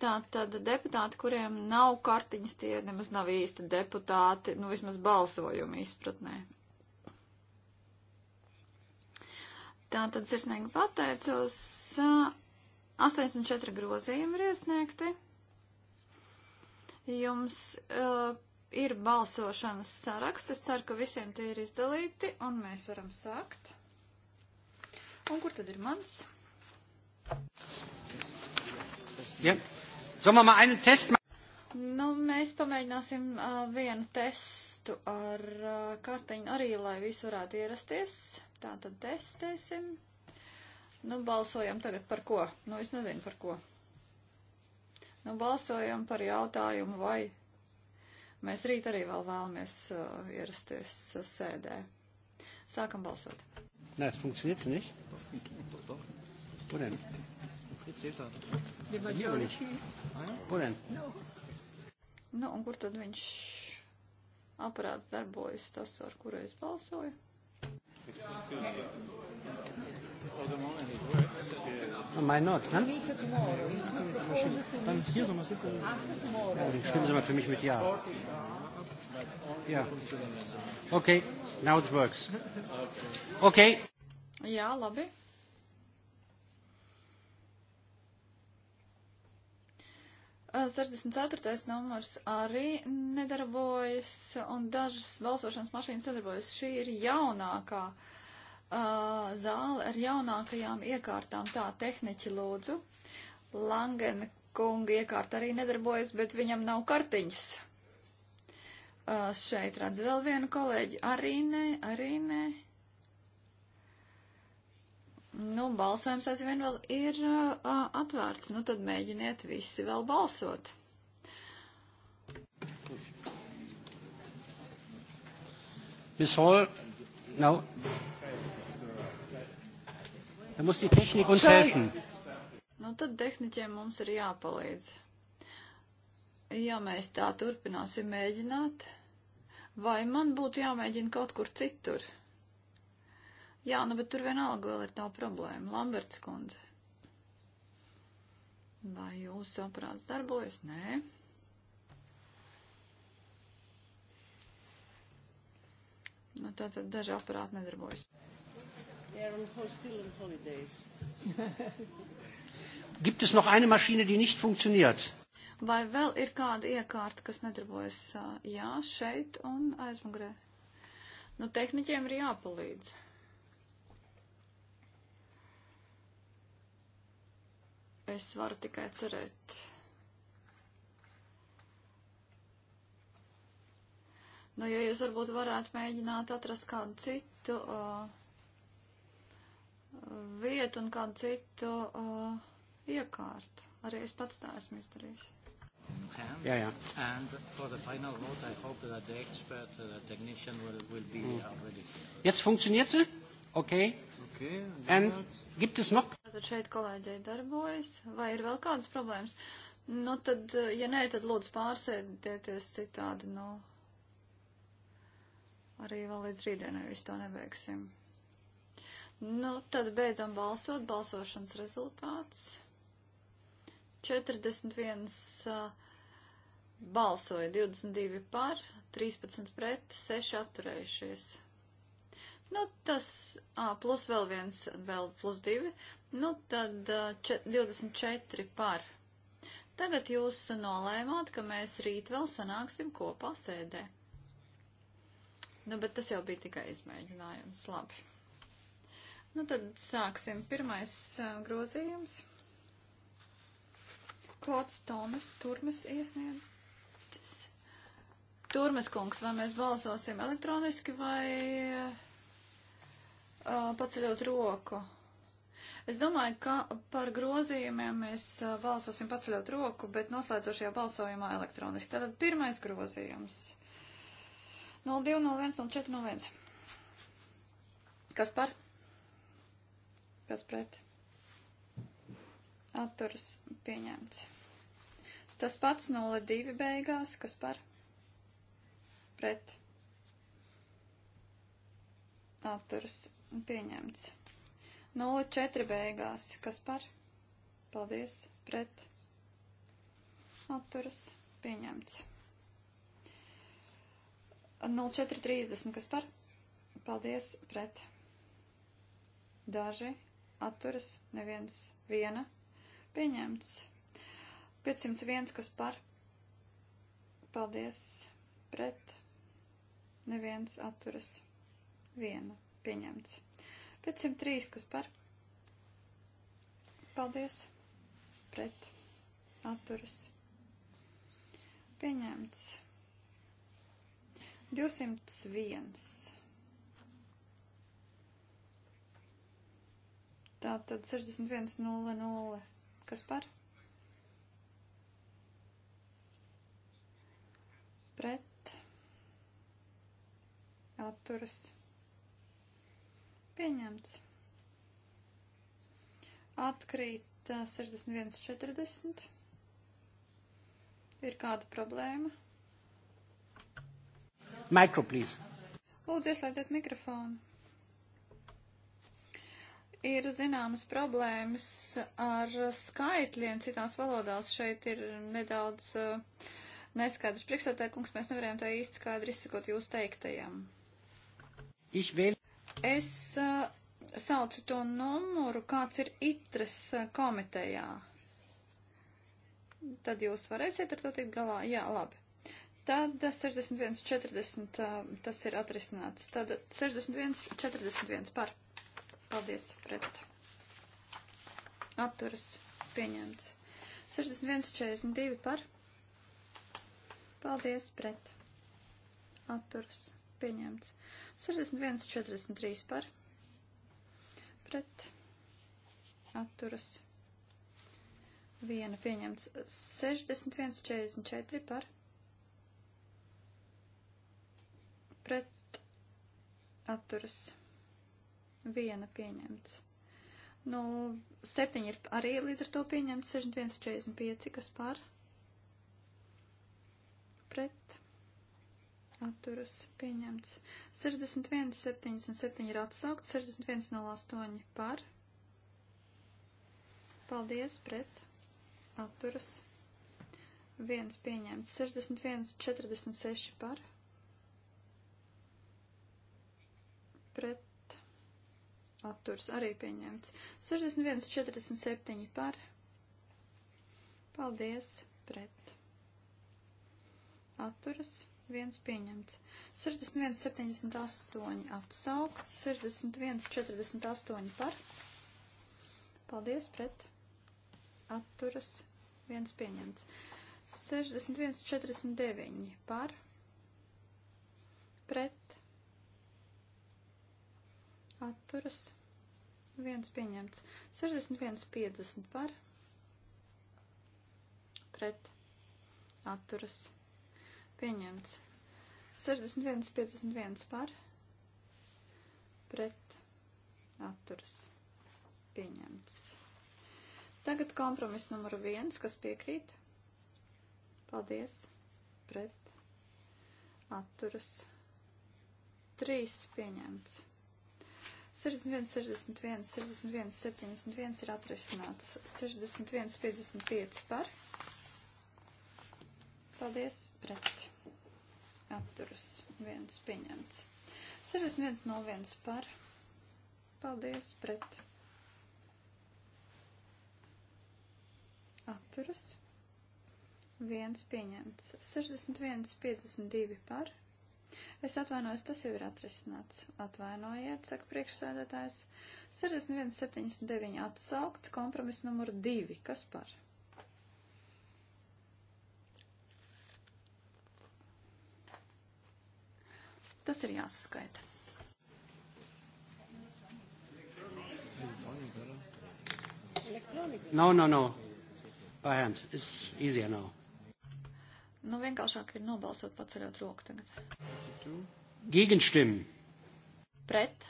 Tātad deputāti, kuriem nav kartiņas, tie nemaz nav īsti deputāti, nu vismaz balsojuma izpratnē. Tātad sirsnīgi pateicos, 84 grozījumi ir iesniegti. Jums uh, ir balsošanas saraksts, es ceru, ka visiem tie ir izdalīti, un mēs varam sākt. Un kur tad ir mans? Ja. Nu, mēs pamēģināsim uh, vienu testu ar uh, kartiņu arī, lai visi varētu ierasties. Tā tad testēsim. Nu, balsojam tagad par ko? Nu, es nezinu par ko. Nu, balsojam par jautājumu, vai mēs rīt arī vēl vēlamies uh, ierasties uh, sēdē. Sākam balsot. Na, es funktioniert nicht. Doch, doch. Wo denn? Hier nicht. Wo denn? Nu, un kur tad viņš aparāts darbojas, tas, ar kuru es balsoju? Mein Not, ne? Dann hier so mal Stimmen Sie mal für mich mit Ja. Ja. Okay, now it works. Okay. Jā, labi. Uh, 64. numurs arī nedarbojas, un dažas balsošanas mašīnas nedarbojas. Šī ir jaunākā uh, zāle ar jaunākajām iekārtām. Tā, tehniķi lūdzu. Langena kunga iekārta arī nedarbojas, bet viņam nav kartiņas. Uh, šeit redz vēl vienu kolēģi. Arī nē, arī nē. Nu, balsojums aizvien vēl ir uh, atvērts. Nu, tad mēģiniet visi vēl balsot. Miss Hall, no. Da muss die Technik uns helfen. Nu, tad tehniķiem mums ir jāpalīdz. Ja mēs tā turpināsim mēģināt, vai man būtu jāmēģina kaut kur citur? Jā, nu, bet tur vienalga vēl ir tā problēma. Lamberts kundze. Vai jūsu aparāts darbojas? Nē. Nu, tā tad daži aparāti nedarbojas. [LAUGHS] Gibt es noch eine Maschine, die nicht funktioniert? Vai vēl ir kāda iekārta, kas nedarbojas? Jā, šeit un aizmugurē. Nu, tehniķiem ir jāpalīdz. Es varu tikai cerēt. Nu, ja jūs varbūt varētu mēģināt atrast kādu citu uh, vietu un kādu citu uh, iekārtu. Arī es pats tā esmu izdarījis. And, yeah, yeah. and for the final vote, I hope that the expert, the uh, technician will, will be mm. already here. Jetzt funktioniert sie? Okay. Okay. And, and gibt es noch? Tad šeit kolēģei darbojas, vai ir vēl kādas problēmas? Nu, tad, eh, ja nē, tad lūdzu pārsēdieties citādi, nu, arī vēl līdz rītdienai visu to nebeigsim. Nu, tad beidzam balsot, balsošanas rezultāts. 41 uh, eh, balsoja, 22 par, 13 pret, 6 atturējušies. Nu, tas a, plus vēl viens, vēl plus divi. Nu, tad a, čet, 24 par. Tagad jūs nolēmāt, ka mēs rīt vēl sanāksim kopā sēdē. Nu, bet tas jau bija tikai izmēģinājums. Labi. Nu, tad sāksim. Pirmais a, grozījums. Klots Tomas Turmas iesniedzis. Turmas kungs, vai mēs balsosim elektroniski vai. Uh, uh, paceļot roku. Es domāju, ka par grozījumiem mēs balsosim paceļot roku, bet noslēdzošajā balsojumā elektroniski. Tātad pirmais grozījums. 0201 Kas par? Kas pret? Atturs pieņemts. Tas pats 02 beigās. Kas par? Pret. Atturs pieņemts. 04 beigās, kas par? Paldies, pret. Atturas, pieņemts. 04.30, kas par? Paldies, pret. Daži, atturas, neviens, viena, pieņemts. 501, kas par? Paldies, pret. Neviens, atturas, viena pieņemts. 503, kas par? Paldies. Pret. Atturas. Pieņemts. 201. Tātad 61.00. Kas par? Pret. Atturas. Pieņemts. Atkrīt 61.40. Ir kāda problēma? Micro, please. Lūdzu, ieslēdziet mikrofonu ir zināmas problēmas ar skaitļiem citās valodās. Šeit ir nedaudz uh, neskaidrs priekšsēdētāj, kungs, mēs nevarējām tā īsti skaidri izsakot jūs teiktajam. Vēl... Es uh, saucu to numuru, kāds ir itras eh, komitejā. Tad jūs varēsiet ar to tikt galā? Jā, labi. Tad 61.40 eh, tas ir atrisināts. Tad 61.41 par. Paldies pret. Atturas pieņemts. 61.42 par. Paldies pret. Atturas pieņemts. 61.43 par pret atturas. Viena pieņemts. 61.44 par pret atturas. Viena pieņemts. 07 nu, ir arī līdz ar to pieņemts. 61.45 kas par pret atturas atturas pieņemts. 61, 77 ir atsaukt, 61, 08 par. Paldies, pret, atturas, 1 pieņemts, 61, 46 par. Pret, atturas arī pieņemts, 61, 47 par. Paldies, pret, atturas, 1 viens pieņemts. 61, 78 atsaukts, 61, 48 par. Paldies, pret. Atturas, viens pieņemts. 61, 49 par. Pret. Atturas, viens pieņemts. 61, 50 par. Pret. Atturas, viens pieņemts Pieņemts. 61, 51 par. Pret. Atturs. Pieņemts. Tagad kompromiss numur viens, kas piekrīt. Paldies. Pret. Atturs. Trīs pieņemts. 61, 61, 61, 71 ir atrisināts. 61, 55 par Paldies pret. Atturas. Viens pieņemts. 61 no 1 par. Paldies pret. Atturas. 1 pieņemts. 61, 52 par. Es atvainojos, tas jau ir atrisināts. Atvainojiet, saka priekšsēdētājs. 61, 79 atsaukts, kompromiss numur 2. Kas par? Tas ir jāsaskaita. No, no, no. By hand. It's easier now. Nu, vienkāršāk ir nobalsot paceļot roku tagad. Gegenstimmen. Pret.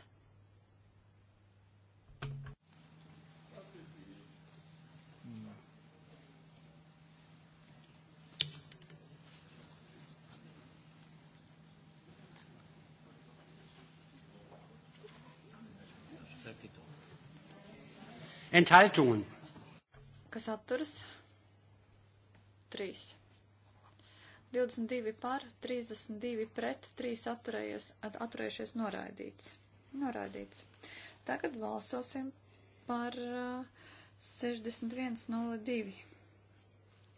Enthaltungen. Kas atturas? 3. 22 par, 32 pret, 3 atturējies, atturējušies noraidīts. Noraidīts. Tagad balsosim par uh, 61.02.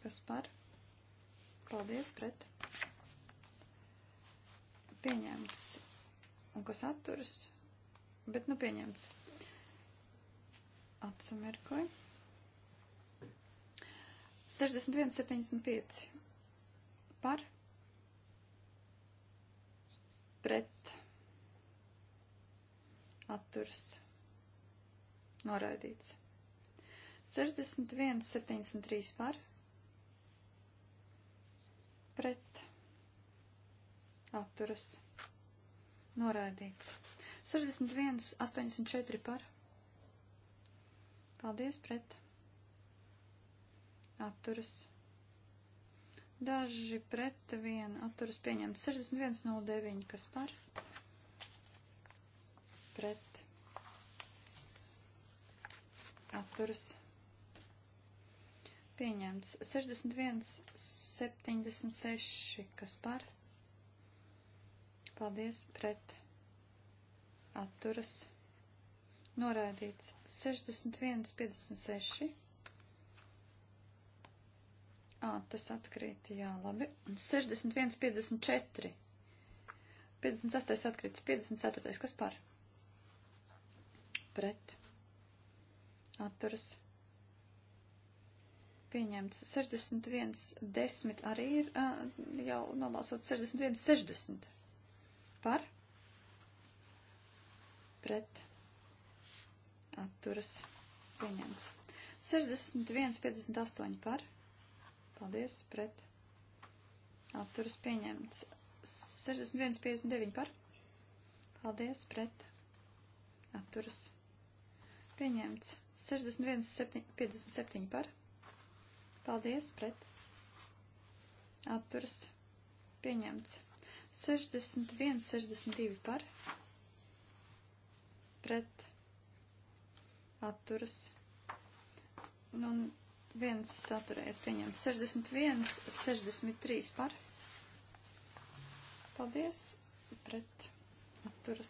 Kas par? Paldies, pret. Pieņemts. Un kas atturas? Bet nu pieņemts. Atsamirkoju. 61, 75. Par. Pret. Atturs. Noraidīts. 61, 73 par. Pret. Atturas. Noraidīts. 61, 84 par. Paldies pret. Atturas. Daži pret vienu atturas pieņemt 61.09, kas par? Pret. Atturas. Pieņemts 61.76, kas par? Paldies pret. Atturas Noraidīts. 61, 56. Ā, tas atkrīt, jā, labi. 61, 54. 58 atkrīts, 54. Kas par? Pret. Atturas. Pieņemts. 61, 10 arī ir uh, jau nobalsot 61, 60. Par? Pret atturas pieņemts. 61,58 par. Paldies, pret. Atturas pieņemts. 61,59 par. Paldies, pret. Atturas pieņemts. 61,57 par. Paldies, pret. Atturas pieņemts. 61,62 par. Pret atturas. Un nu, viens atturējies pieņemts. 61, 63 par. Paldies. Pret atturas.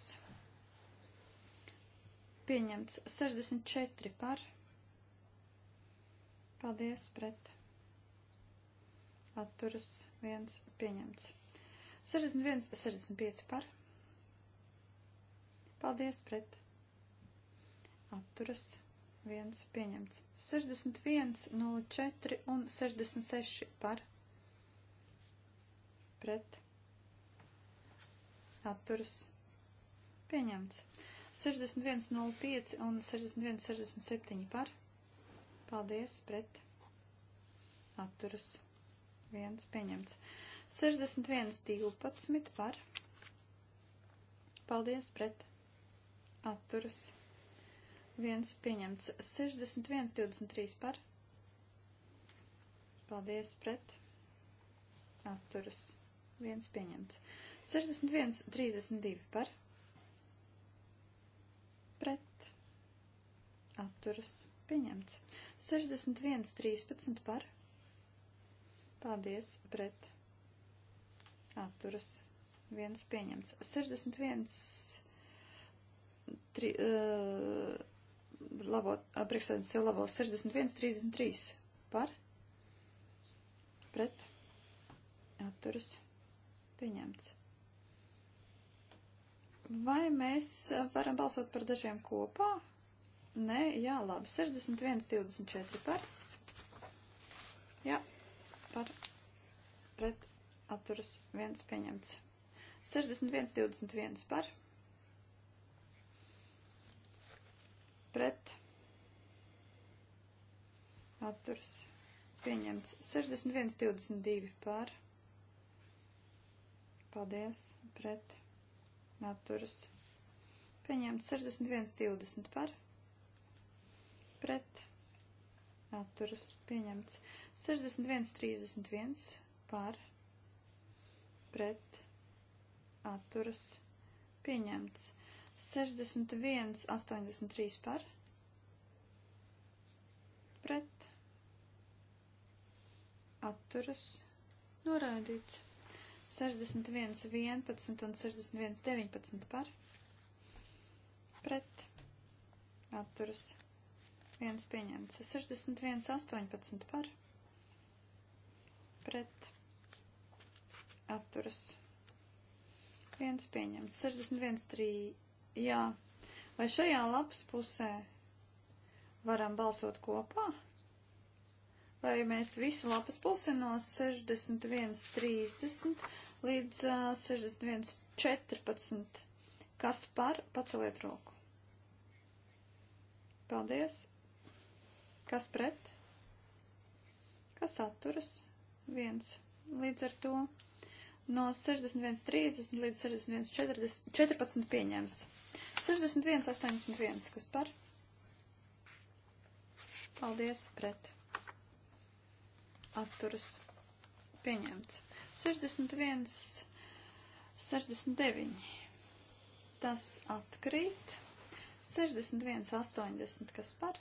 Pieņemts 64 par. Paldies pret. Atturas viens pieņemts. 61, 65 par. Paldies pret atturas viens pieņemts. 61, 04 un 66 par pret atturas pieņemts. 61, 05 un 61, 67 par paldies pret atturas viens pieņemts. 61, 12 par paldies pret atturas pieņemts viens pieņemts 61, 23 par. Paldies pret. Atturas. Viens pieņemts. 61, 32 par. Pret. Atturas. Pieņemts. 61, 13 par. Paldies pret. Atturas. Viens pieņemts. 61, 3, uh, labo, priekšsēdus jau labo 61, 33 par, pret, atturas, pieņemts. Vai mēs varam balsot par dažiem kopā? Nē, jā, labi. 61, 24 par. Jā, par. Pret atturas viens pieņemts. 61, 21 par. pret atturs pieņemts 61,22 pār paldies pret atturs pieņemts 61,20 pār pret atturas pieņemts 61,31 pār pret atturas pieņemts 61,31 61, 83 par. Pret. Atturas. Noraidīts. 61, 11 un 61, 19 par. Pret. Atturas. 1 pieņemts. 61, 18 par. Pret. Atturas. 1 pieņemts. 61, 3 jā, vai šajā lapas pusē varam balsot kopā? Vai mēs visu lapas pusi no 61.30 līdz uh, 61.14, kas par paceliet roku? Paldies! Kas pret? Kas atturas? Viens. Līdz ar to no 61.30 līdz 61.14 pieņems. 61, 81, kas par? Paldies, pret. Atturas pieņemts. 61, 69. Tas atkrīt. 61, 80, kas par?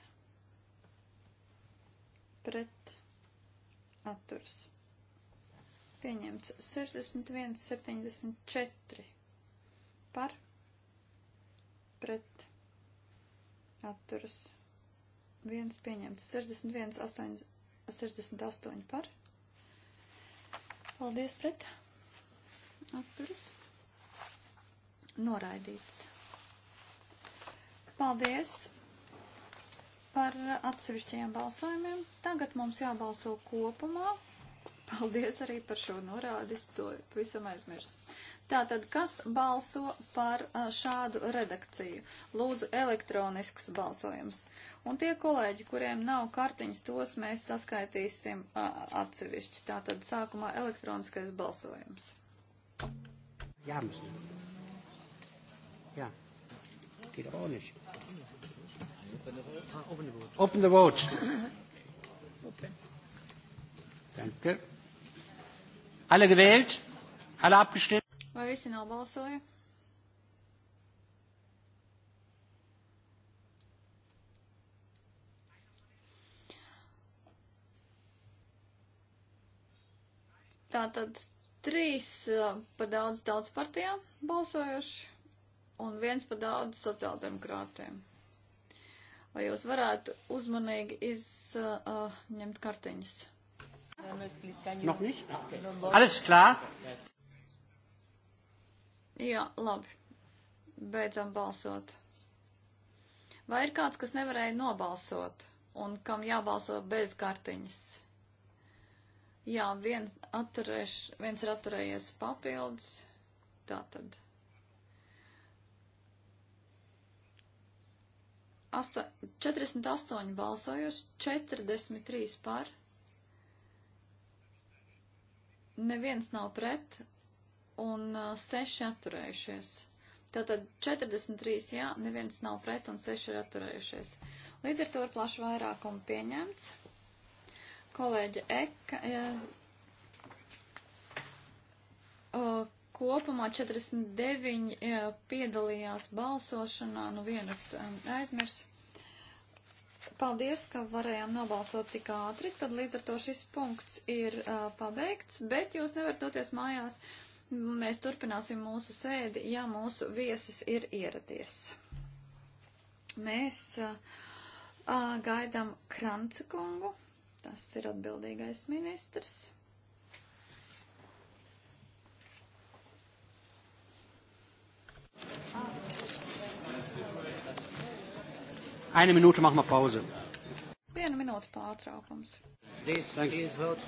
Pret. Atturas. Pieņemts. 61, 74. Par? pret atturas viens pieņemts. 61, 8, 68 par. Paldies pret atturas. Noraidīts. Paldies par atsevišķajiem balsojumiem. Tagad mums jābalso kopumā. Paldies arī par šo norādi, es to pavisam aizmirsu. Tātad, kas balso par šādu redakciju? Lūdzu, elektronisks balsojums. Un tie kolēģi, kuriem nav kartiņas, tos mēs saskaitīsim atsevišķi. Tātad, sākumā elektroniskais balsojums. Jā, mums. Jā. Geht auch nicht. Open the vote. Open. Danke. Alle gewählt? Alle abgestimmt? visi nobalsoja? Tātad trīs par daudz daudz partijām balsojuši un viens par daudz sociāldemokrātiem. Vai jūs varētu uzmanīgi izņemt uh, kartiņas? Noch nicht? Nu, Alles klar. Jā, labi. Beidzam balsot. Vai ir kāds, kas nevarēja nobalsot un kam jābalso bez kartiņas? Jā, viens, atturēš, viens ir atturējies papildus. Tā tad. Asta, 48 balsojuši, 43 par. Neviens nav pret un 6 atturējušies. Tātad 43 jā, neviens nav pret un 6 ir atturējušies. Līdz ar to ir plaši vairākumu pieņemts. Kolēģa Eka ja, kopumā 49 ja, piedalījās balsošanā, nu vienas aizmirs. Paldies, ka varējām nobalsot tik ātri, tad līdz ar to šis punkts ir uh, pabeigts, bet jūs nevarat doties mājās. Uh, Mēs turpināsim mūsu sēdi, ja mūsu viesis ir ieradies. Mēs uh, uh gaidām Kranca kungu, tas ir atbildīgais ministrs. Eine Minute machen wir Pause. Viena minūte pārtraukums. This is vote.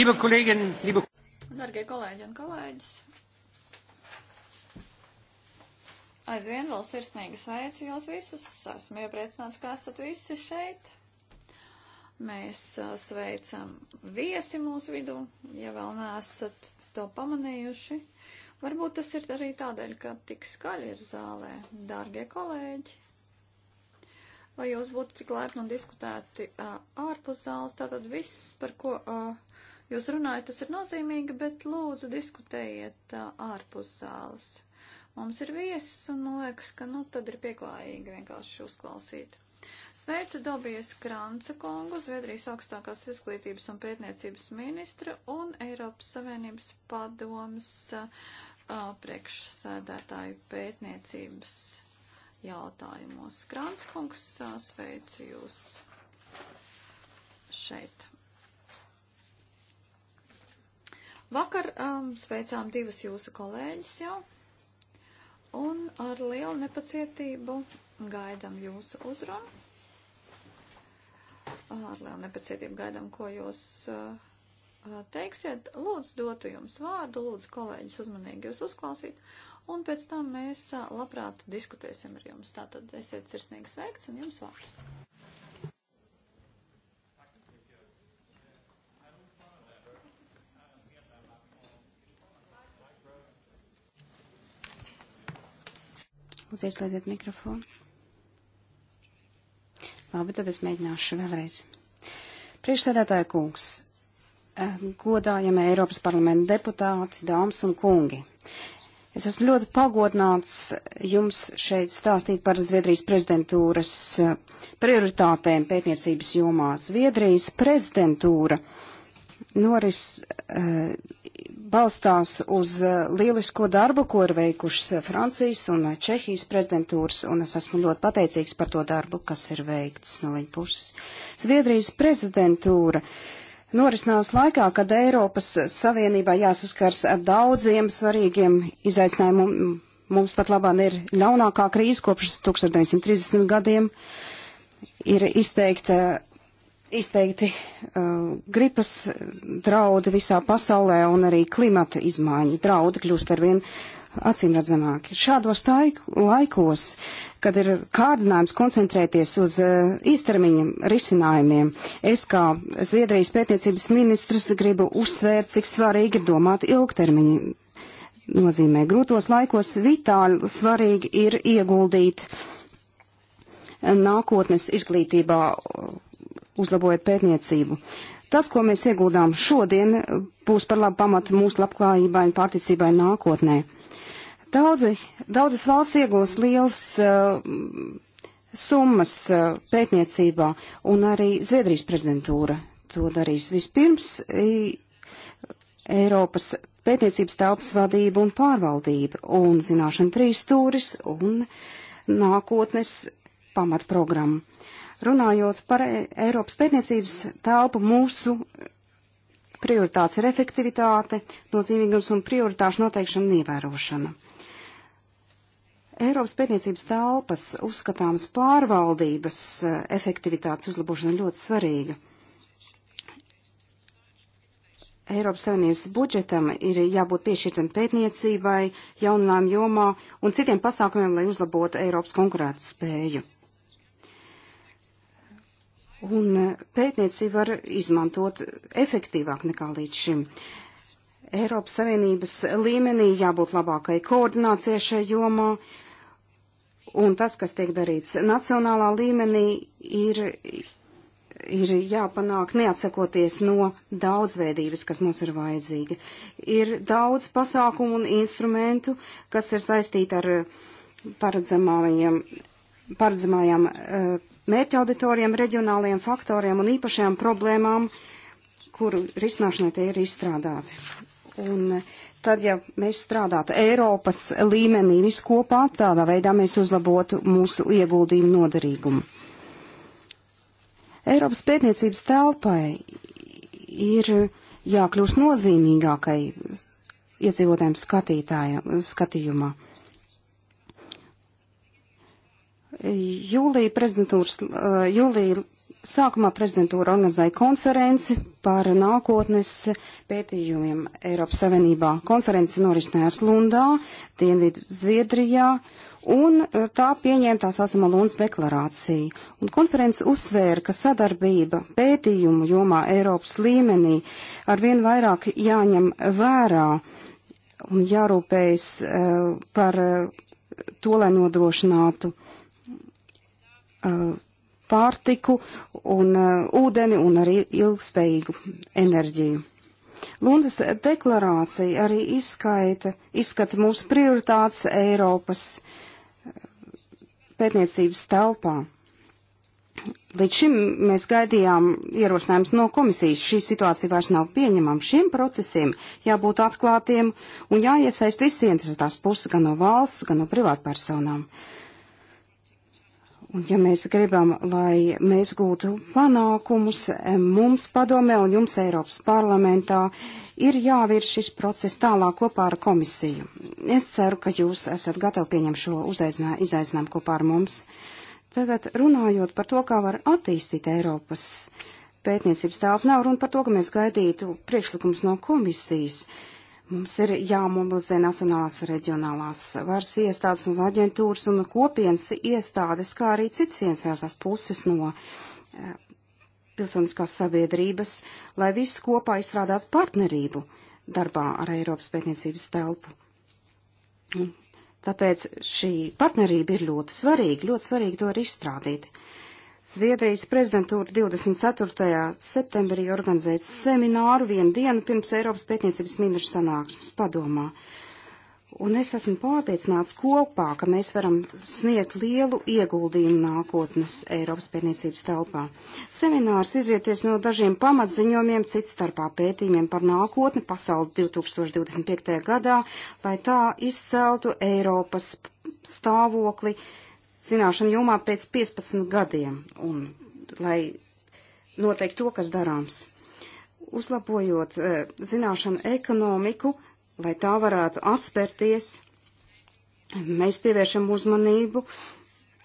Liebe Kolleginnen, liebe Darbie kolēģi un kolēģis, aizvien vēl sirsnīgi sveicu jūs visus. Esmu iepriecināts, ka esat visi šeit. Mēs a, sveicam viesi mūsu vidū, ja vēl neesat to pamanījuši. Varbūt tas ir arī tādēļ, ka tik skaļi ir zālē. Dārgie kolēģi, vai jūs būtu tik laipni un diskutēti a, ārpus zāles, tātad viss, par ko. Uh, Jūs runājat, tas ir nozīmīgi, bet lūdzu diskutējiet uh, ārpus zāles. Mums ir viesis, un man liekas, ka nu tad ir pieklājīgi vienkārši uzklausīt. Sveica Dobijas Kranca kungu, Zviedrijas augstākās izglītības un pētniecības ministra un Eiropas Savienības padomas uh, priekšsēdētāju pētniecības jautājumos. Krants kungs, uh, sveicu jūs šeit. Vakar um, sveicām divus jūsu kolēģis jau, un ar lielu nepacietību gaidām jūsu uzrunu. Uh, ar lielu nepacietību gaidām, ko jūs uh, uh, teiksiet. Lūdzu, dotu jums vārdu, lūdzu, kolēģis uzmanīgi jūs uzklausīt, un pēc tam mēs uh, labprāt diskutēsim ar jums. Tātad esiet sirsnīgi sveikts un jums vārds. Lūdzu, ieslēdziet mikrofonu. Labi, tad es mēģināšu vēlreiz. Priekšsēdētāja kungs, eh, godājamie Eiropas parlamenta deputāti, dāmas un kungi. Es esmu ļoti pagodināts jums šeit stāstīt par Zviedrijas prezidentūras eh, prioritātēm pētniecības jomā. Zviedrijas prezidentūra noris. Uh, balstās uz eh, lielisko darbu, ko ir veikušas eh, Francijas un eh, Čehijas prezidentūras, un es esmu ļoti pateicīgs par to darbu, kas ir veikts no viņa puses. Zviedrijas prezidentūra norisinās laikā, kad Eiropas Savienībā jāsaskars ar daudziem svarīgiem izaicinājumiem. Mums pat labāk ir ļaunākā krīze kopš 1930 gadiem. Ir izteikta izteikti uh, gripas draudi visā pasaulē un arī klimata izmaiņu draudi kļūst arvien acīmredzamāki. Šādos taiku, laikos, kad ir kārdinājums koncentrēties uz uh, īstermiņa risinājumiem, es kā Zviedrijas pētniecības ministrs gribu uzsvērt, cik svarīgi ir domāt ilgtermiņa. Nozīmē grūtos laikos vitāli svarīgi ir ieguldīt nākotnes izglītībā uzlabojot pētniecību. Tas, ko mēs ieguldām šodien, būs par labu pamatu mūsu labklājībai un pārticībai nākotnē. Daudzi, daudzas valsts iegūs liels uh, summas uh, pētniecībā, un arī Zviedrijas prezidentūra to darīs vispirms. I, Eiropas pētniecības telpas vadība un pārvaldība, un zināšana trīs stūris un nākotnes pamatprogramma. Runājot par e- Eiropas pētniecības telpu, mūsu prioritātes ir efektivitāte, nozīmīgums un prioritāšu noteikšana un ievērošana. Eiropas pētniecības telpas uzskatāmas pārvaldības e, efektivitātes uzlabošana ļoti svarīga. Eiropas Savienības budžetam ir jābūt piešķirtam pētniecībai, jauninām jomā un citiem pasākumiem, lai uzlabotu Eiropas konkurētas spēju un e, pētniecību var izmantot efektīvāk nekā līdz šim. Eiropas Savienības līmenī jābūt labākai koordinācijai šajā jomā, un tas, kas tiek darīts nacionālā līmenī, ir, ir jāpanāk neatsakoties no daudzveidības, kas mums ir vajadzīga. Ir daudz pasākumu un instrumentu, kas ir saistīti ar paredzamajiem, paredzamajām. Uh, mērķa auditoriem, reģionāliem faktoriem un īpašajām problēmām, kuru risināšanai tie ir izstrādāti. Un eh, tad, ja mēs strādātu Eiropas līmenī viskopā, tādā veidā mēs uzlabotu mūsu ieguldījumu noderīgumu. Eiropas pētniecības telpai ir jākļūst nozīmīgākai iedzīvotājiem skatījumā. Jūlija prezidentūras, eh, jūlija sākumā prezidentūra organizēja konferenci par nākotnes pētījumiem Eiropas Savienībā. Konference norisinājās Lundā, Dienvidu Zviedrijā, un eh, tā pieņēma tā saucamā Lundas deklarāciju. Un konference uzsvēra, ka sadarbība pētījumu jomā Eiropas līmenī arvien vairāk jāņem vērā un jārūpējas uh, par uh, to, lai nodrošinātu uh, Uh, pārtiku un uh, ūdeni un arī ilgspējīgu enerģiju. Lundas deklarācija arī izskaita, izskata mūsu prioritātes Eiropas uh, pētniecības telpā. Līdz šim mēs gaidījām ierosinājums no komisijas. Šī situācija vairs nav pieņemama. Šiem procesiem jābūt atklātiem un jāiesaist visi interesētās puses, gan no valsts, gan no privātpersonām. personām Un ja mēs gribam, lai mēs gūtu panākumus, eh, mums padomē un jums Eiropas parlamentā ir jāvirš šis process tālāk kopā ar komisiju. Es ceru, ka jūs esat gatavi pieņemt šo izaicinājumu kopā ar mums. Tagad runājot par to, kā var attīstīt Eiropas pētniecības telpu, nav runa par to, ka mēs gaidītu priekšlikums no komisijas. Uh, Mums ir jāmobilizē nacionālās reģionālās varas iestādes un aģentūras un kopienas iestādes, kā arī citas iesaistās puses no e, pilsoniskās sabiedrības, lai viss kopā izstrādātu partnerību darbā ar Eiropas pētniecības telpu. Un tāpēc šī partnerība ir ļoti svarīga, ļoti svarīgi to ir izstrādīt. Uh, Zviedrijas prezidentūra 24. septembrī organizēs semināru vienu dienu pirms Eiropas pētniecības ministru sanāksmes padomā. Un es esmu pārliecināts kopā, ka mēs varam sniegt lielu ieguldījumu nākotnes Eiropas pētniecības telpā. Seminārs izrieties no dažiem pamatziņojumiem, cits starpā pētījumiem par nākotni pasauli 2025. gadā, lai tā izceltu Eiropas stāvokli zināšanu jomā pēc 15 gadiem, un lai noteikti to, kas darāms. Uzlabojot e, zināšanu ekonomiku, lai tā varētu atspērties, mēs pievēršam uzmanību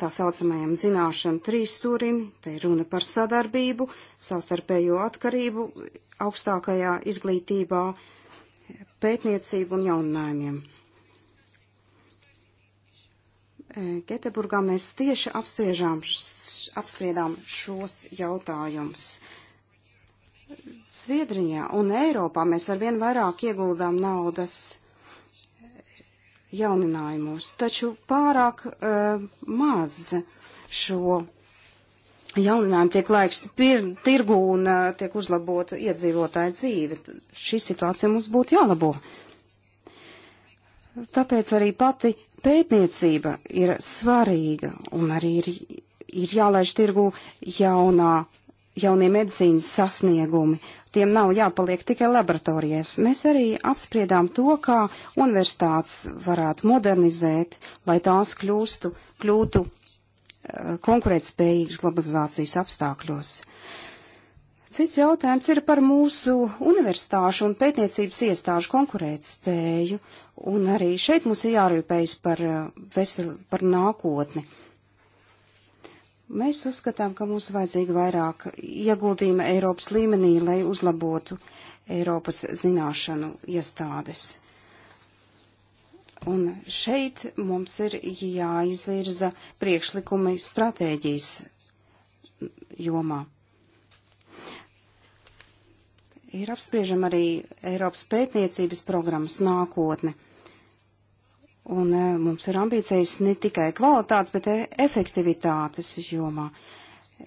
tā saucamajam zināšanu trīsstūrim, te ir runa par sadarbību, savstarpējo atkarību augstākajā izglītībā, pētniecību un jauninājumiem. Geteburgā mēs tieši apspriežām, apspriedām šos jautājumus. Zviedrijā un Eiropā mēs arvien vairāk ieguldām naudas jauninājumos, taču pārāk uh, maz šo jauninājumu tiek laikst pir, tirgu un uh, tiek uzlabota iedzīvotāja dzīve. Šī situācija mums būtu jālabo. Uh, Tāpēc arī pati pētniecība ir svarīga un arī ir, ir jālaiž tirgu jaunā, jaunie medicīnas sasniegumi. Tiem nav jāpaliek tikai laboratorijas. Mēs arī apspriedām to, kā universitātes varētu modernizēt, lai tās kļūstu, kļūtu eh, konkurētspējīgas globalizācijas apstākļos. Cits jautājums ir par mūsu universitāšu un pētniecības iestāžu konkurētspēju Un arī šeit mums ir jārūpējas par, uh, vesel, par nākotni. Mēs uzskatām, ka mums vajadzīga vairāk ieguldījuma Eiropas līmenī, lai uzlabotu Eiropas zināšanu iestādes. Un šeit mums ir jāizvirza priekšlikumi stratēģijas jomā. Ir apspriežama arī Eiropas pētniecības programmas nākotne. Un e, mums ir ambīcijas ne tikai kvalitātes, bet arī e, efektivitātes jomā.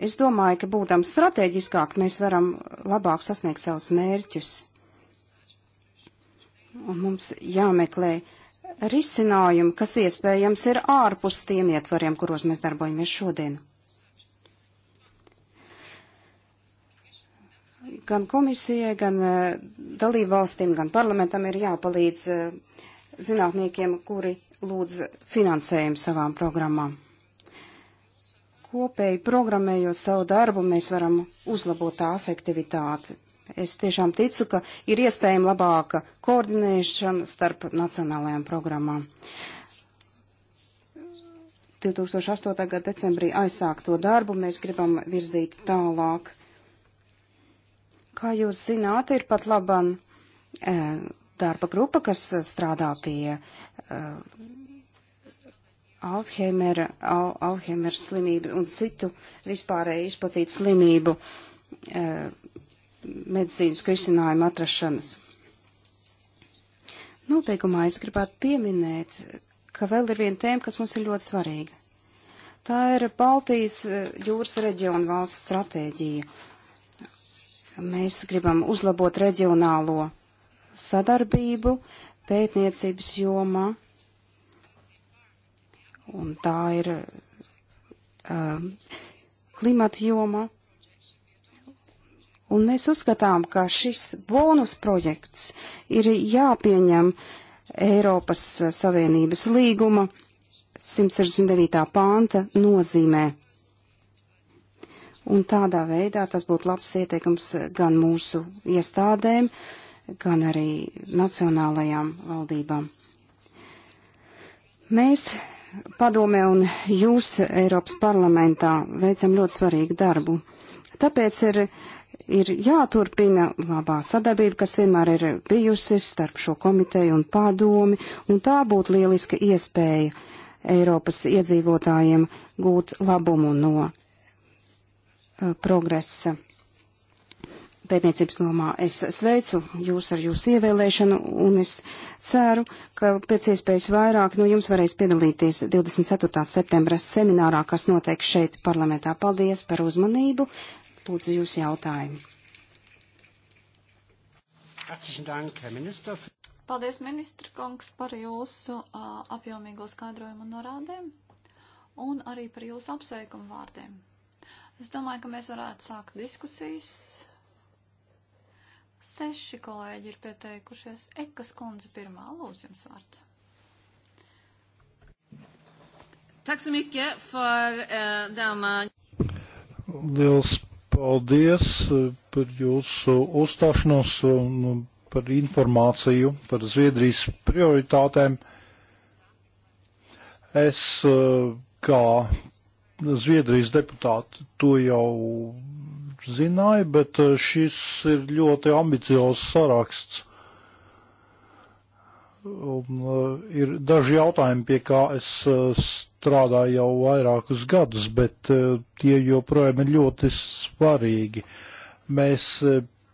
Es domāju, ka būtam strateģiskāk, mēs varam labāk sasniegt savus mērķus. Un mums jāmeklē risinājumi, kas iespējams ir ārpus tiem ietvariem, kuros mēs darbojamies šodien. Gan komisijai, gan e, dalībvalstīm, gan parlamentam ir jāpalīdz uh, zinātniekiem, kuri lūdz finansējumu savām programmām. Kopēji programmējot savu darbu, mēs varam uzlabot tā efektivitāti. Es tiešām ticu, ka ir iespējama labāka koordinēšana starp nacionālajām programmām. 2008. gada decembrī aizsākto darbu mēs gribam virzīt tālāk. Kā jūs zināt, ir pat laban e, darba grupa, kas strādā pie uh, Alzheimera, Al Alzheimera slimību un citu vispārēji izplatītu slimību uh, medicīnas risinājumu atrašanas. Nobeigumā es gribētu pieminēt, ka vēl ir viena tēma, kas mums ir ļoti svarīga. Tā ir Baltijas uh, jūras reģiona valsts stratēģija. Mēs gribam uzlabot reģionālo sadarbību pētniecības jomā. Un tā ir um, klimata joma. Un mēs uzskatām, ka šis bonus projekts ir jāpieņem Eiropas Savienības līguma 169. panta nozīmē. Un tādā veidā tas būtu labs ieteikums gan mūsu iestādēm, uh, gan arī nacionālajām valdībām. Mēs padomē un jūs Eiropas parlamentā veicam ļoti svarīgu darbu. Tāpēc ir ir jāturpina labā sadarbība, kas vienmēr ir bijusi starp šo komiteju un padomi, un tā būtu lieliska iespēja Eiropas iedzīvotājiem gūt labumu no eh, progresa pētniecības nomā. Es sveicu jūs ar jūsu ievēlēšanu un es ceru, ka pēc iespējas vairāk no nu, jums varēs piedalīties 24. septembra seminārā, kas notiek šeit parlamentā. Paldies par uzmanību. Lūdzu jūs jautājumu. Paldies, ministra kungs, par jūsu uh, apjomīgo skaidrojumu un norādēm un arī par jūsu apsveikumu vārdiem. Es domāju, ka mēs varētu sākt diskusijas. Seši kolēģi ir pieteikušies. Ekas kundze pirmā, lūdzu jums vārds. Tack så mycket för eh, denna... Liels paldies eh, par jūsu uzstāšanos un par informāciju par Zviedrijas prioritātēm. Es eh, kā Zviedrijas deputāti to jau zināja, bet eh, šis ir ļoti ambiciozs saraksts. Un eh, ir daži jautājumi, pie kā es eh, strādāju jau vairākus gadus, bet tie joprojām ir ļoti svarīgi. Mēs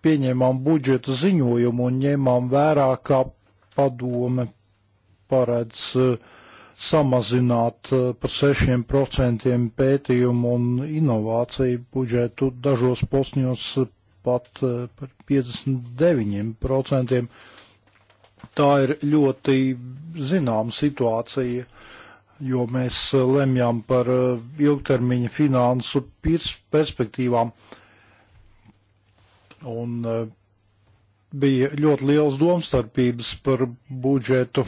pieņēmām budžeta ziņojumu un ņēmām vērā, kā padome paredz uh, samazināt eh, par 6% pētījumu un inovāciju budžetu dažos posmos pat eh, par 59%. Tā ir ļoti zināma situācija, jo mēs eh, lemjam par ilgtermiņa finansu perspektīvām. Un bija ļoti liels domstarpības par budžetu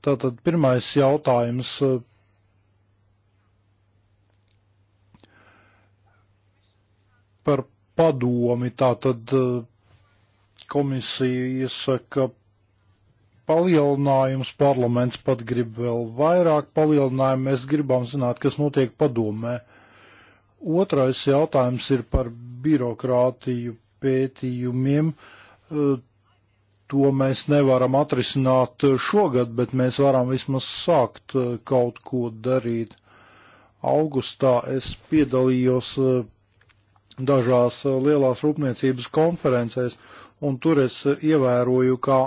Tātad pirmais jautājums. Eh, par padomi tātad eh, komisija iesaka palielinājums, parlaments pat grib vēl vairāk palielinājumu, mēs gribam zināt, kas notiek padomē. Otrais jautājums ir par birokrātiju pētījumiem. Eh, to mēs nevaram atrisināt šogad, bet mēs varam vismaz sākt eh, kaut ko darīt. Augustā es piedalījos eh, dažās eh, lielās rūpniecības konferencēs, un tur es ievēroju, ka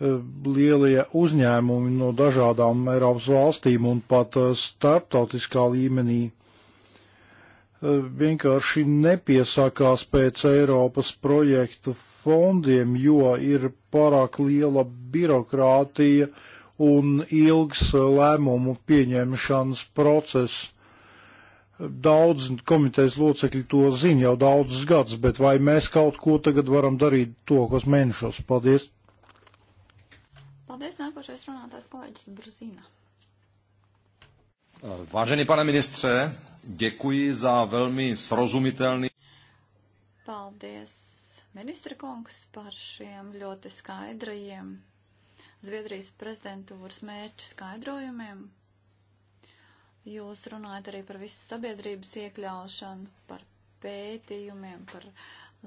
lielie uzņēmumi no dažādām Eiropas valstīm un pat starptautiskā līmenī vienkārši nepiesakās pēc Eiropas projektu fondiem, jo ir pārāk liela birokrātija un ilgs lēmumu pieņemšanas process. Daudz komitejas locekļi to zina jau daudzus gadus, bet vai mēs kaut ko tagad varam darīt tokos mēnešos? Paldies! Paldies, nākošais runātājs kolēģis Brzina. Vážený pane ministře, děkuji za velmi srozumitelný. Paldies ministra kungs, par šiem ļoti skaidrajiem Zviedrijas prezidentūras mērķu skaidrojumiem. Jūs runājat arī par visu sabiedrības iekļaušanu, par pētījumiem, par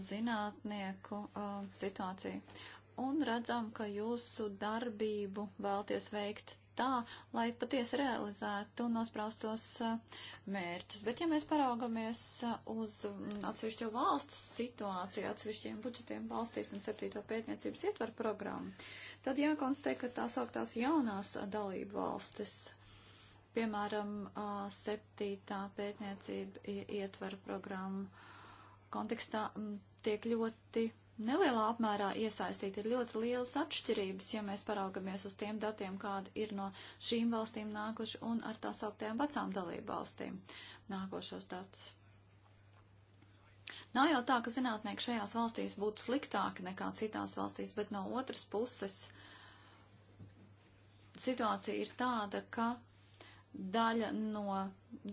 zinātnieku uh, situāciju. Un redzam, ka jūsu darbību vēlties veikt tā, lai patiesi realizētu nospraustos uh, mērķus. Bet ja mēs paraugamies uh, uz mm, atsevišķo valstu situāciju, atsevišķiem budžetiem valstīs un septīto pētniecības ietvaru programmu, tad jākonstatē, ka tās augtās jaunās dalību valstis, piemēram, uh, septītā pētniecība ietvaru programmu kontekstā mm, tiek ļoti nelielā apmērā iesaistīti, ir ļoti lielas atšķirības, ja mēs paraugamies uz tiem datiem, kādi ir no šīm valstīm nākuši un ar tās augtajām vecām dalību valstīm nākošos datus. Nav jau tā, ka zinātnieki šajās valstīs būtu sliktāki nekā citās valstīs, bet no otras puses situācija ir tāda, ka daļa no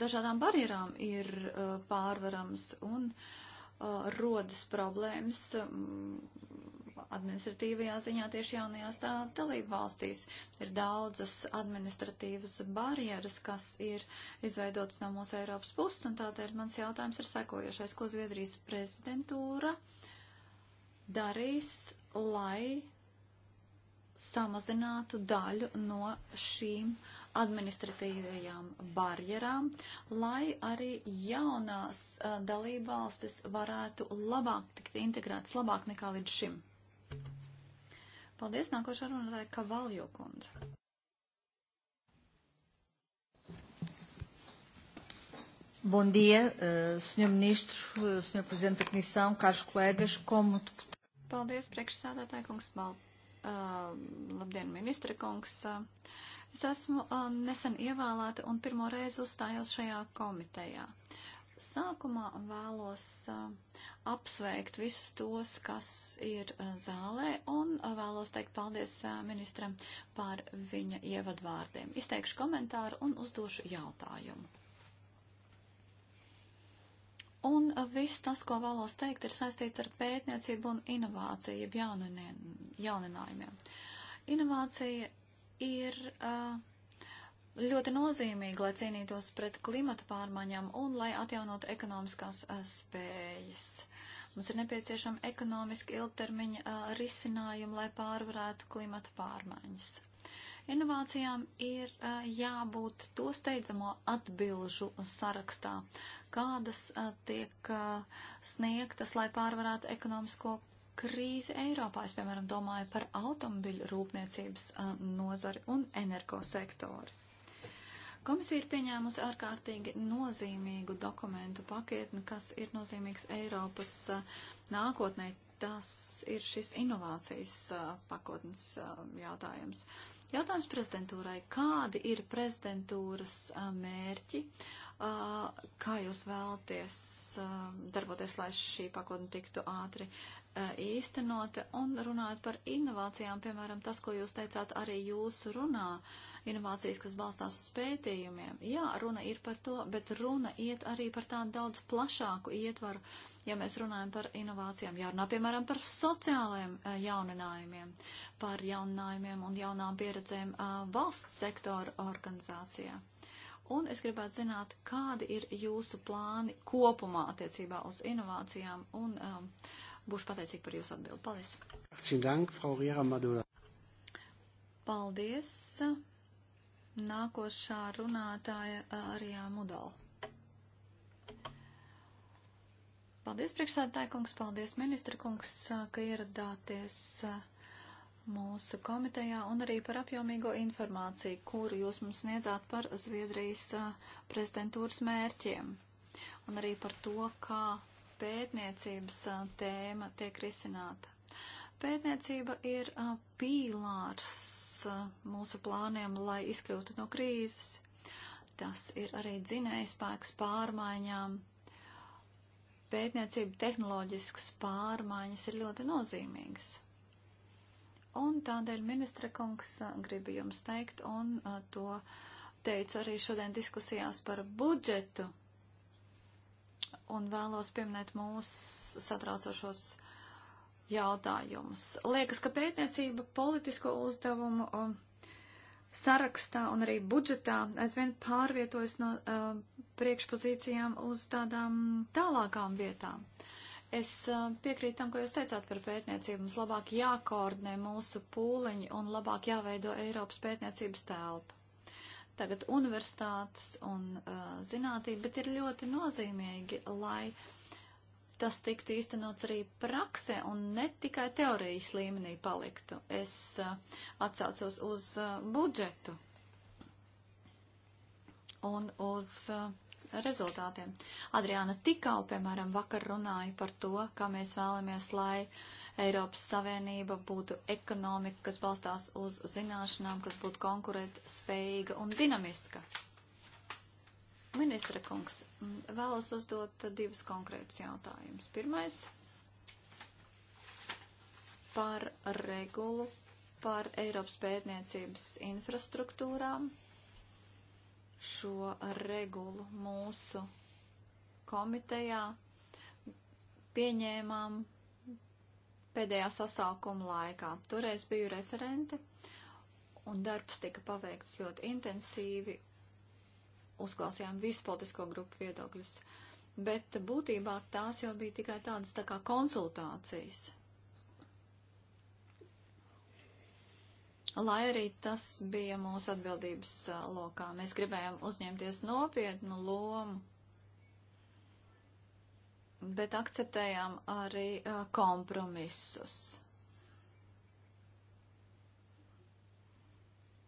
dažādām barjerām ir uh, pārvarams un uh, Uh, rodas problēmas um, administratīvajā ziņā tieši jaunajās tā, dalību valstīs. Ir daudzas administratīvas barjeras, kas ir izveidotas no mūsu Eiropas puses, un tādēļ mans jautājums ir sekojošais, ko Zviedrijas prezidentūra darīs, lai samazinātu daļu no šīm uh, administratīvajām barjerām, lai arī jaunās eh, dalībvalstis varētu labāk tikt integrētas, labāk nekā līdz šim. Paldies, nākošā runātāja Kavaljo kundze. Bom dia, uh, eh, Sr. Ministro, uh, Sr. Presidente da Comissão, caros colegas, como deputado. Paldies, priekšsādātāja kungs, mal, uh, eh, labdien, ministra kungs. Uh, Es esmu uh, nesen ievēlēta un pirmo reizi uzstājos šajā komitejā. Sākumā vēlos uh, apsveikt visus tos, kas ir uh, zālē, un uh, vēlos teikt paldies uh, ministram par viņa ievadvārdiem. Izteikšu komentāru un uzdošu jautājumu. Un viss tas, ko vēlos teikt, ir saistīts ar pētniecību un inovāciju, jeb jauninājumiem. Inovācija ir uh, ļoti nozīmīgi, lai cīnītos pret klimata pārmaiņām un lai atjaunotu ekonomiskās uh, spējas. Mums ir nepieciešama ekonomiski ilgtermiņa uh, risinājuma, lai pārvarētu klimata pārmaiņas. Inovācijām ir jābūt to steidzamo atbilžu sarakstā, kādas tiek sniegtas, lai pārvarētu ekonomisko krīzi Eiropā. Es, piemēram, domāju par automobiļu rūpniecības nozari un energosektoru. Komisija ir pieņēmusi ārkārtīgi nozīmīgu dokumentu paketni, kas ir nozīmīgs Eiropas nākotnē. Tas ir šis inovācijas pakotnes jautājums. Jautājums prezidentūrai, kādi ir prezidentūras mērķi, kā jūs vēlaties darboties, lai šī pakotne tiktu ātri Eh, īstenota un runājot par inovācijām, piemēram, tas, ko jūs teicāt arī jūsu runā, inovācijas, kas balstās uz pētījumiem. Jā, runa ir par to, bet runa iet arī par tādu daudz plašāku ietvaru, ja mēs runājam par inovācijām. Jārunā, piemēram, par sociālajiem eh, jauninājumiem, par jauninājumiem un jaunām pieredzēm eh, valsts sektora organizācijā. Un es gribētu zināt, kādi ir jūsu plāni kopumā attiecībā uz inovācijām un um, uh, Būšu pateicīgi par jūsu atbildi. Paldies! Paldies! Nākošā runātāja eh, Arijā Mudala. Paldies, priekšsādātāja kungs, paldies, ministra kungs, eh, ka ieradāties eh, mūsu komitejā un arī par apjomīgo informāciju, kuru jūs mums sniedzāt par Zviedrijas prezidentūras mērķiem un arī par to, kā pētniecības tēma tiek risināta. Pētniecība ir pīlārs mūsu plāniem, lai izkļūtu no krīzes. Tas ir arī dzinējspēks pārmaiņām. Pētniecība tehnoloģiskas pārmaiņas ir ļoti nozīmīgas. Un tādēļ ministra kungs gribu jums teikt, un to teicu arī šodien diskusijās par budžetu, un vēlos pieminēt mūsu satraucošos jautājumus. Liekas, ka pētniecība politisko uzdevumu um, sarakstā un arī budžetā aizvien pārvietojas no uh, priekšpozīcijām uz tādām tālākām vietām. Es uh, piekrītu tam, ko jūs teicāt par pētniecību. Mums labāk jākoordinē mūsu pūliņi un labāk jāveido Eiropas pētniecības telpa tagad universitātes un uh, zinātība, bet ir ļoti nozīmīgi, lai tas tiktu īstenots arī praksē un ne tikai teorijas līmenī paliktu. Es uh, atsaucos uz uh, budžetu un uz uh, rezultātiem. Adriāna Tikau, piemēram, vakar runāja par to, kā mēs vēlamies, lai uh, Eiropas Savienība būtu ekonomika, kas balstās uz zināšanām, kas būtu konkurēt spējīga un dinamiska. Ministra kungs, vēlos uzdot divus konkrētus jautājumus. Pirmais par regulu par Eiropas pētniecības infrastruktūrām. Šo regulu mūsu komitejā pieņēmām pēdējā sasaukuma laikā. Toreiz biju referente, un darbs tika paveikts ļoti intensīvi, uzklausījām visu politisko grupu viedokļus. Bet būtībā tās jau bija tikai tādas tā kā konsultācijas. Lai arī tas bija mūsu atbildības lokā, mēs gribējām uzņemties nopietnu lomu bet akceptējām arī uh, kompromisus.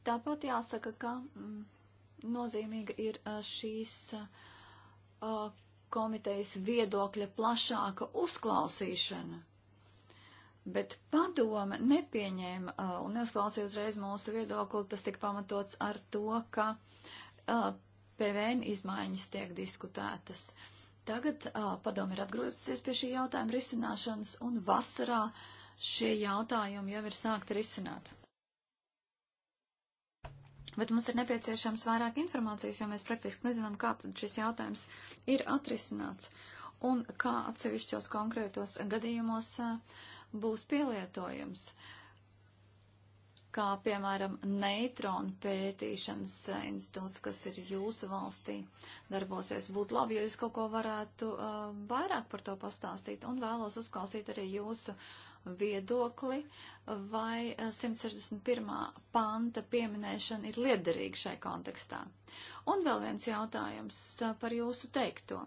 Tāpat jāsaka, ka mm, nozīmīga ir uh, šīs uh, komitejas viedokļa plašāka uzklausīšana. Bet padome nepieņēma uh, un neuzklausīja uzreiz mūsu viedokli. Tas tika pamatots ar to, ka uh, PVN izmaiņas tiek diskutētas. Uh, Tagad uh, padomi ir atgriezusies pie šī jautājuma risināšanas, un vasarā šie jautājumi jau ir sākti risināt. Bet mums ir nepieciešams vairāk informācijas, jo mēs praktiski nezinām, kā tad šis jautājums ir atrisināts un kā atsevišķos konkrētos gadījumos uh, būs pielietojams. Uh, kā piemēram neitronu pētīšanas institūts, kas ir jūsu valstī, darbosies. Būtu labi, ja jūs kaut ko varētu uh, vairāk par to pastāstīt un vēlos uzklausīt arī jūsu viedokli, vai 161. panta pieminēšana ir liederīga šai kontekstā. Un vēl viens jautājums par jūsu teikto.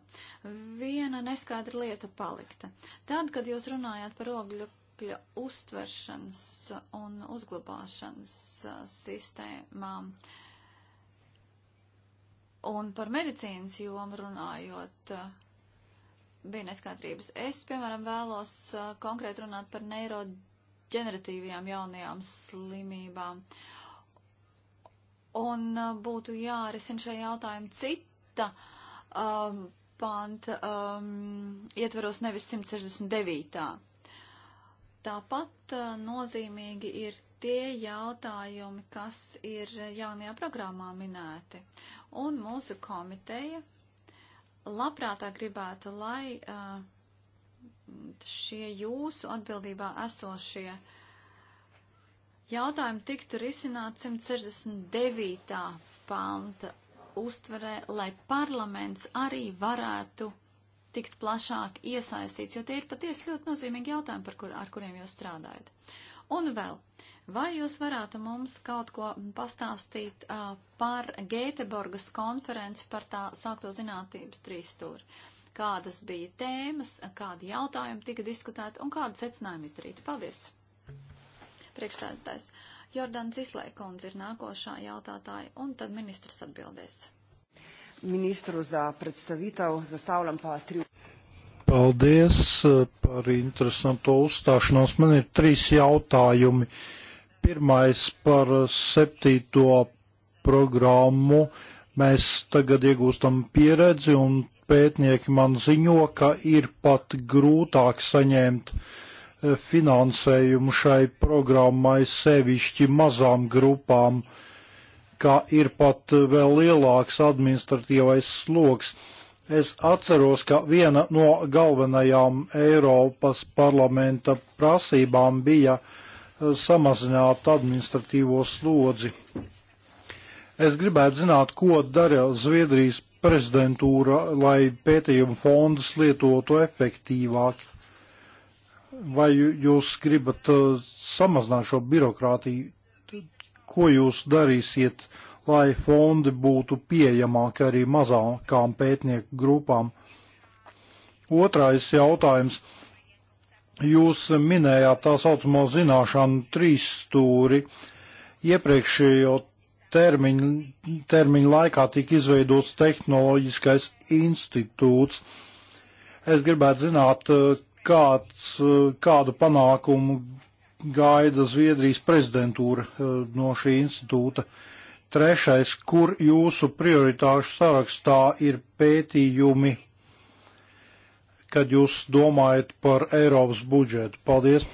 Viena neskaidra lieta palikta. Tad, kad jūs runājāt par ogļu oglekļa uztveršanas un uzglabāšanas sistēmām. Un par medicīnas jomu runājot, bija neskaidrības. Es, piemēram, vēlos konkrēti runāt par neiroģeneratīvajām jaunajām slimībām. Un būtu jārisina šie jautājumi cita um, panta um, ietveros nevis 169. Tāpat eh, nozīmīgi ir tie jautājumi, kas ir jaunajā programmā minēti. Un mūsu komiteja labprātā gribētu, lai eh, šie jūsu atbildībā esošie jautājumi tiktu risināti 169. panta uztverē, lai parlaments arī varētu tikt plašāk iesaistīts, jo tie ir patiesi ļoti nozīmīgi jautājumi, kur, ar kuriem jūs strādājat. Un vēl, vai jūs varētu mums kaut ko pastāstīt uh, par Gēteborgas konferenci par tā saukto zinātības trīsstūri? Kādas bija tēmas, kādi jautājumi tika diskutēti un kādas secinājumi izdarīti? Paldies! Priekšsēdētājs Jordāns Islēkons ir nākošā jautātāja, un tad ministrs atbildēs ministru za predstavitev. Zastavljam pa tri. Paldies eh, par interesanto uzstāšanos. Man ir trīs jautājumi. Pirmais par septīto programmu. Mēs tagad iegūstam pieredzi un pētnieki man ziņo, ka ir pat grūtāk saņemt eh, finansējumu šai programmai sevišķi mazām grupām. Uh, ka ir pat vēl lielāks administratīvais sloks. Es atceros, ka viena no galvenajām Eiropas parlamenta prasībām bija eh, samazināt administratīvo slodzi. Es gribētu zināt, ko dara Zviedrijas prezidentūra, lai pētījumu fondus lietotu efektīvāk. Vai jūs gribat eh, samazināt šo birokrātiju ko jūs darīsiet, lai fondi būtu pieejamāki arī mazākām pētnieku grupām? Otrais jautājums. Jūs minējāt tā saucamo zināšanu trīs stūri. Iepriekšējo termiņu, termiņu laikā tika izveidots tehnoloģiskais institūts. Es gribētu zināt, kāds, kādu panākumu gaida Zviedrijas prezidentūra eh, no šī institūta. Trešais, kur jūsu prioritāšu sarakstā ir pētījumi, kad jūs domājat par Eiropas budžetu? Paldies!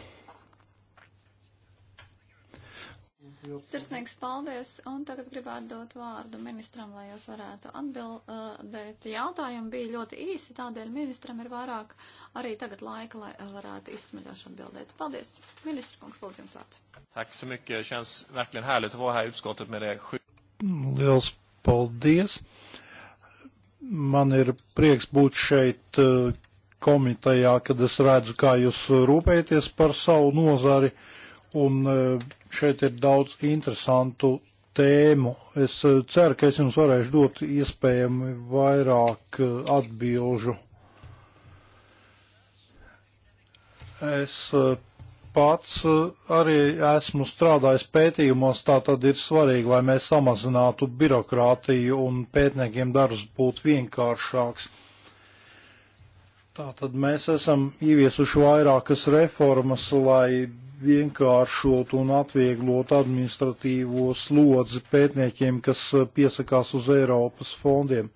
Sirsnīgs paldies, un tagad gribētu dot vārdu ministram, lai jūs varētu atbildēt. Jautājumi bija ļoti īsi, tādēļ ministram ir vairāk arī tagad laika, lai varētu izsmeļoši atbildēt. Paldies, ministra kungs, lūdzu jums vārds. Tack så mycket, känns verkligen härligt att vara här i utskottet med det. Er Liels paldies. Man ir prieks būt šeit komitejā, kad es redzu, kā jūs rūpēties par savu nozari. Uh, Un eh, šeit ir daudz interesantu tēmu. Es eh, ceru, ka es jums varēšu dot iespējami vairāk eh, atbilžu. Es pats arī esmu strādājis pētījumos, tā tad ir svarīgi, lai mēs samazinātu birokrātiju un pētniekiem darbs būtu vienkāršāks. Tātad mēs esam ieviesuši vairākas reformas, lai vienkāršot un atvieglot administratīvo slodzi pētniekiem, kas eh, piesakās uz Eiropas fondiem.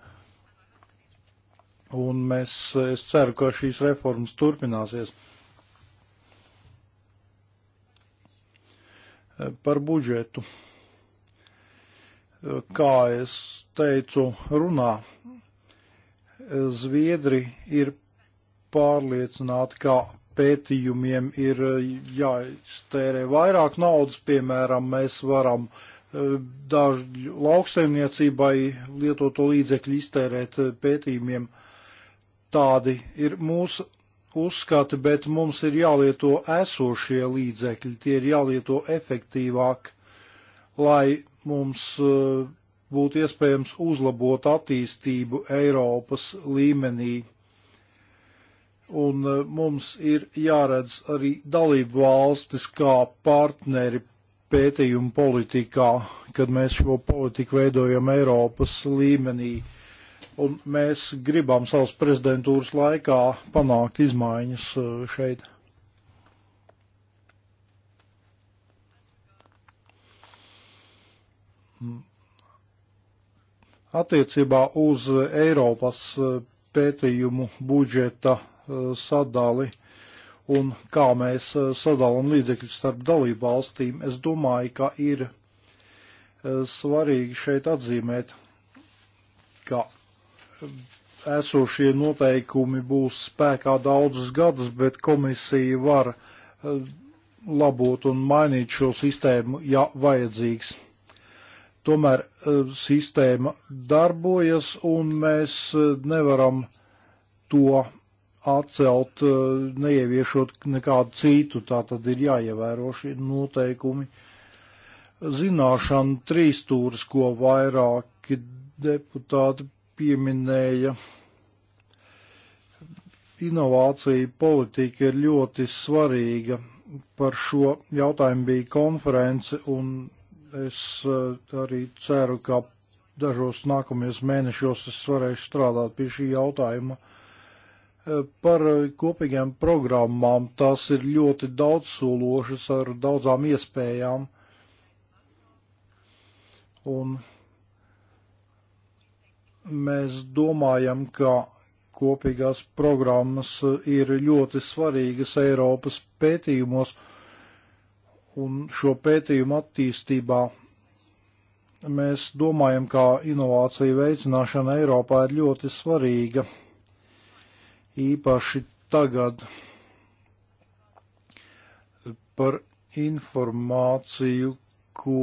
Un mēs, eh, es ceru, ka šīs reformas turpināsies. Eh, par budžetu. Kā es teicu runā, Zviedri ir pārliecināti, ka pētījumiem ir eh, jāiztērē vairāk naudas, piemēram, mēs varam eh, dažu lauksaimniecībai lietoto līdzekļu iztērēt eh, pētījumiem. Tādi ir mūsu uzskati, bet mums ir jālieto esošie līdzekļi, tie ir jālieto efektīvāk, lai mums būtu iespējams uzlabot attīstību Eiropas līmenī un eh, mums ir jāredz arī dalību valstis kā partneri pētījumu politikā, kad mēs šo politiku veidojam Eiropas līmenī. Un mēs gribam savas prezidentūras laikā panākt izmaiņas eh, šeit. Attiecībā uz Eiropas eh, pētījumu budžeta sadali un kā mēs eh, sadalām līdzekļus starp dalību valstīm, es domāju, ka ir eh, svarīgi šeit atzīmēt, ka eh, esošie noteikumi būs spēkā daudzus gadus, bet komisija var labot un mainīt šo sistēmu, ja vajadzīgs. Tomēr sistēma darbojas un mēs nevaram to atcelt, eh, neieviešot nekādu citu, tā tad ir jāievēro šie noteikumi. Zināšana trīs stūris, ko vairāki deputāti pieminēja. Inovācija politika ir ļoti svarīga. Par šo jautājumu bija konference, un es eh, arī ceru, ka dažos nākamajos mēnešos es varēšu strādāt pie šī jautājuma. Uh, Eh, par kopīgām programmām tās ir ļoti daudzsološas ar daudzām iespējām. Un mēs domājam, ka kopīgās programmas ir ļoti svarīgas Eiropas pētījumos un šo pētījumu attīstībā mēs domājam, ka inovācija veicināšana Eiropā ir ļoti svarīga īpaši tagad par informāciju, ko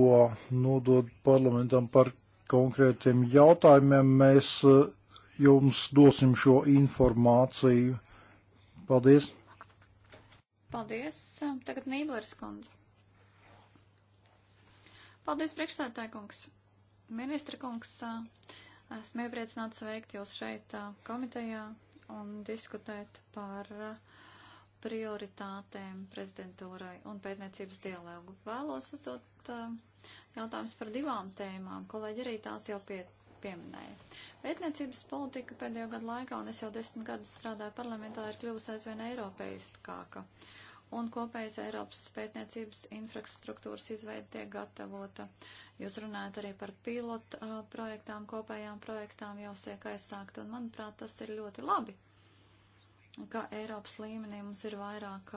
nodod parlamentam par konkrētiem jautājumiem. Mēs eh, jums dosim šo informāciju. Paldies! Paldies! Eh, tagad Nīblers kundze. Paldies, priekšstādātāji kungs! Ministra kungs, eh, esmu iepriecināts sveikt jūs šeit komitejā un diskutēt par uh, prioritātēm prezidentūrai un pētniecības dialogu. Vēlos uzdot uh, jautājums par divām tēmām. Kolēģi arī tās jau pie, pieminēja. Pētniecības politika pēdējo gadu laikā, un es jau desmit gadus strādāju parlamentā, ir kļuvusi aizvien eiropeiskāka. Uh, un kopējas Eiropas pētniecības infrastruktūras izveida tiek gatavota. Jūs runājat arī par pilotu uh, projektām, kopējām projektām jau tiek aizsākt, un manuprāt, tas ir ļoti labi, ka Eiropas līmenī mums ir vairāk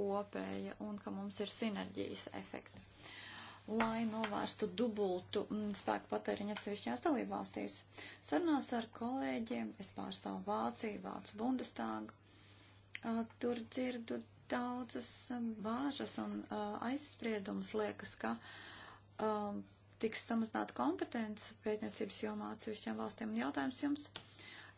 kopēja un ka mums ir sinerģijas efekti, lai novērstu dubultu m, spēku patēriņu atsevišķās dalībvalstīs. Sarunās ar kolēģiem, es pārstāvu Vāciju, Vācu Bundestāgu, uh, tur dzirdu daudzas um, bāžas un uh, aizspriedumus liekas, ka um, tiks samazināta kompetence pētniecības jomā atsevišķiem valstiem. Un jautājums jums,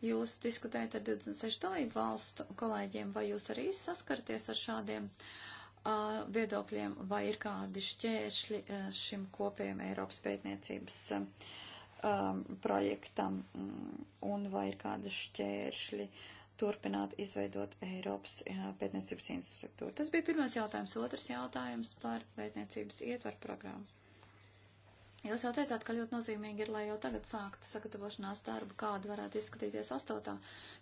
jūs diskutējat ar 26 dalību valstu kolēģiem, vai jūs arī saskarties ar šādiem uh, viedokļiem, vai ir kādi šķēršļi uh, šim kopējiem Eiropas pētniecības uh, projektam, um, un vai ir kādi šķēršļi uh, turpināt izveidot Eiropas pētniecības infrastruktūru. Tas bija pirmais jautājums. Otrs jautājums par pētniecības ietvaru programmu. Jūs jau teicāt, ka ļoti nozīmīgi ir, lai jau tagad sāktu sagatavošanās darbu, kāda varētu izskatīties astotā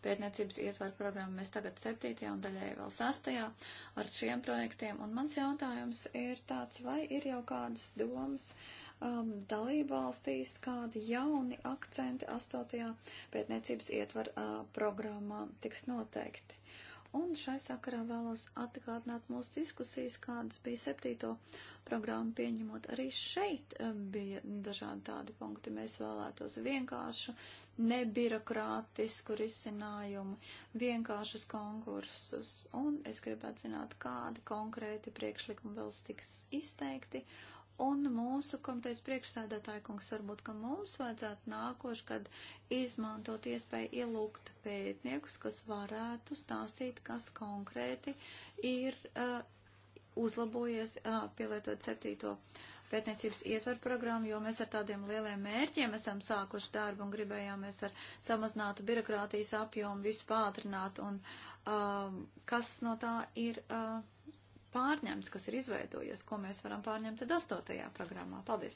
pētniecības ietvaru programma. Mēs tagad septītajā un daļai vēl sastajā ar šiem projektiem. Un mans jautājums ir tāds, vai ir jau kādas domas? Uh, um, dalībvalstīs kādi jauni akcenti 8. pētniecības ietvar uh, programmā tiks noteikti. Un šai sakarā vēlos atgādināt mūsu diskusijas, kādas bija septīto programmu pieņemot. Arī šeit um, bija dažādi tādi punkti. Mēs vēlētos vienkāršu, nebirokrātisku risinājumu, vienkāršus konkursus. Un es gribētu zināt, kādi konkrēti priekšlikumi vēl tiks izteikti Un mūsu komitejas priekšsēdētāja kungs varbūt, ka mums vajadzētu nākošgad izmantot iespēju ielūgt pētniekus, kas varētu stāstīt, kas konkrēti ir uh, uzlabojies uh, pielietot septīto pētniecības ietvaru programmu, jo mēs ar tādiem lieliem mērķiem esam sākuši darbu un gribējāmies ar samazinātu birokrātijas apjomu visu pātrināt un uh, kas no tā ir. Uh, pārņemts, kas ir izveidojies, ko mēs varam pārņemt tad astotajā programmā. Paldies!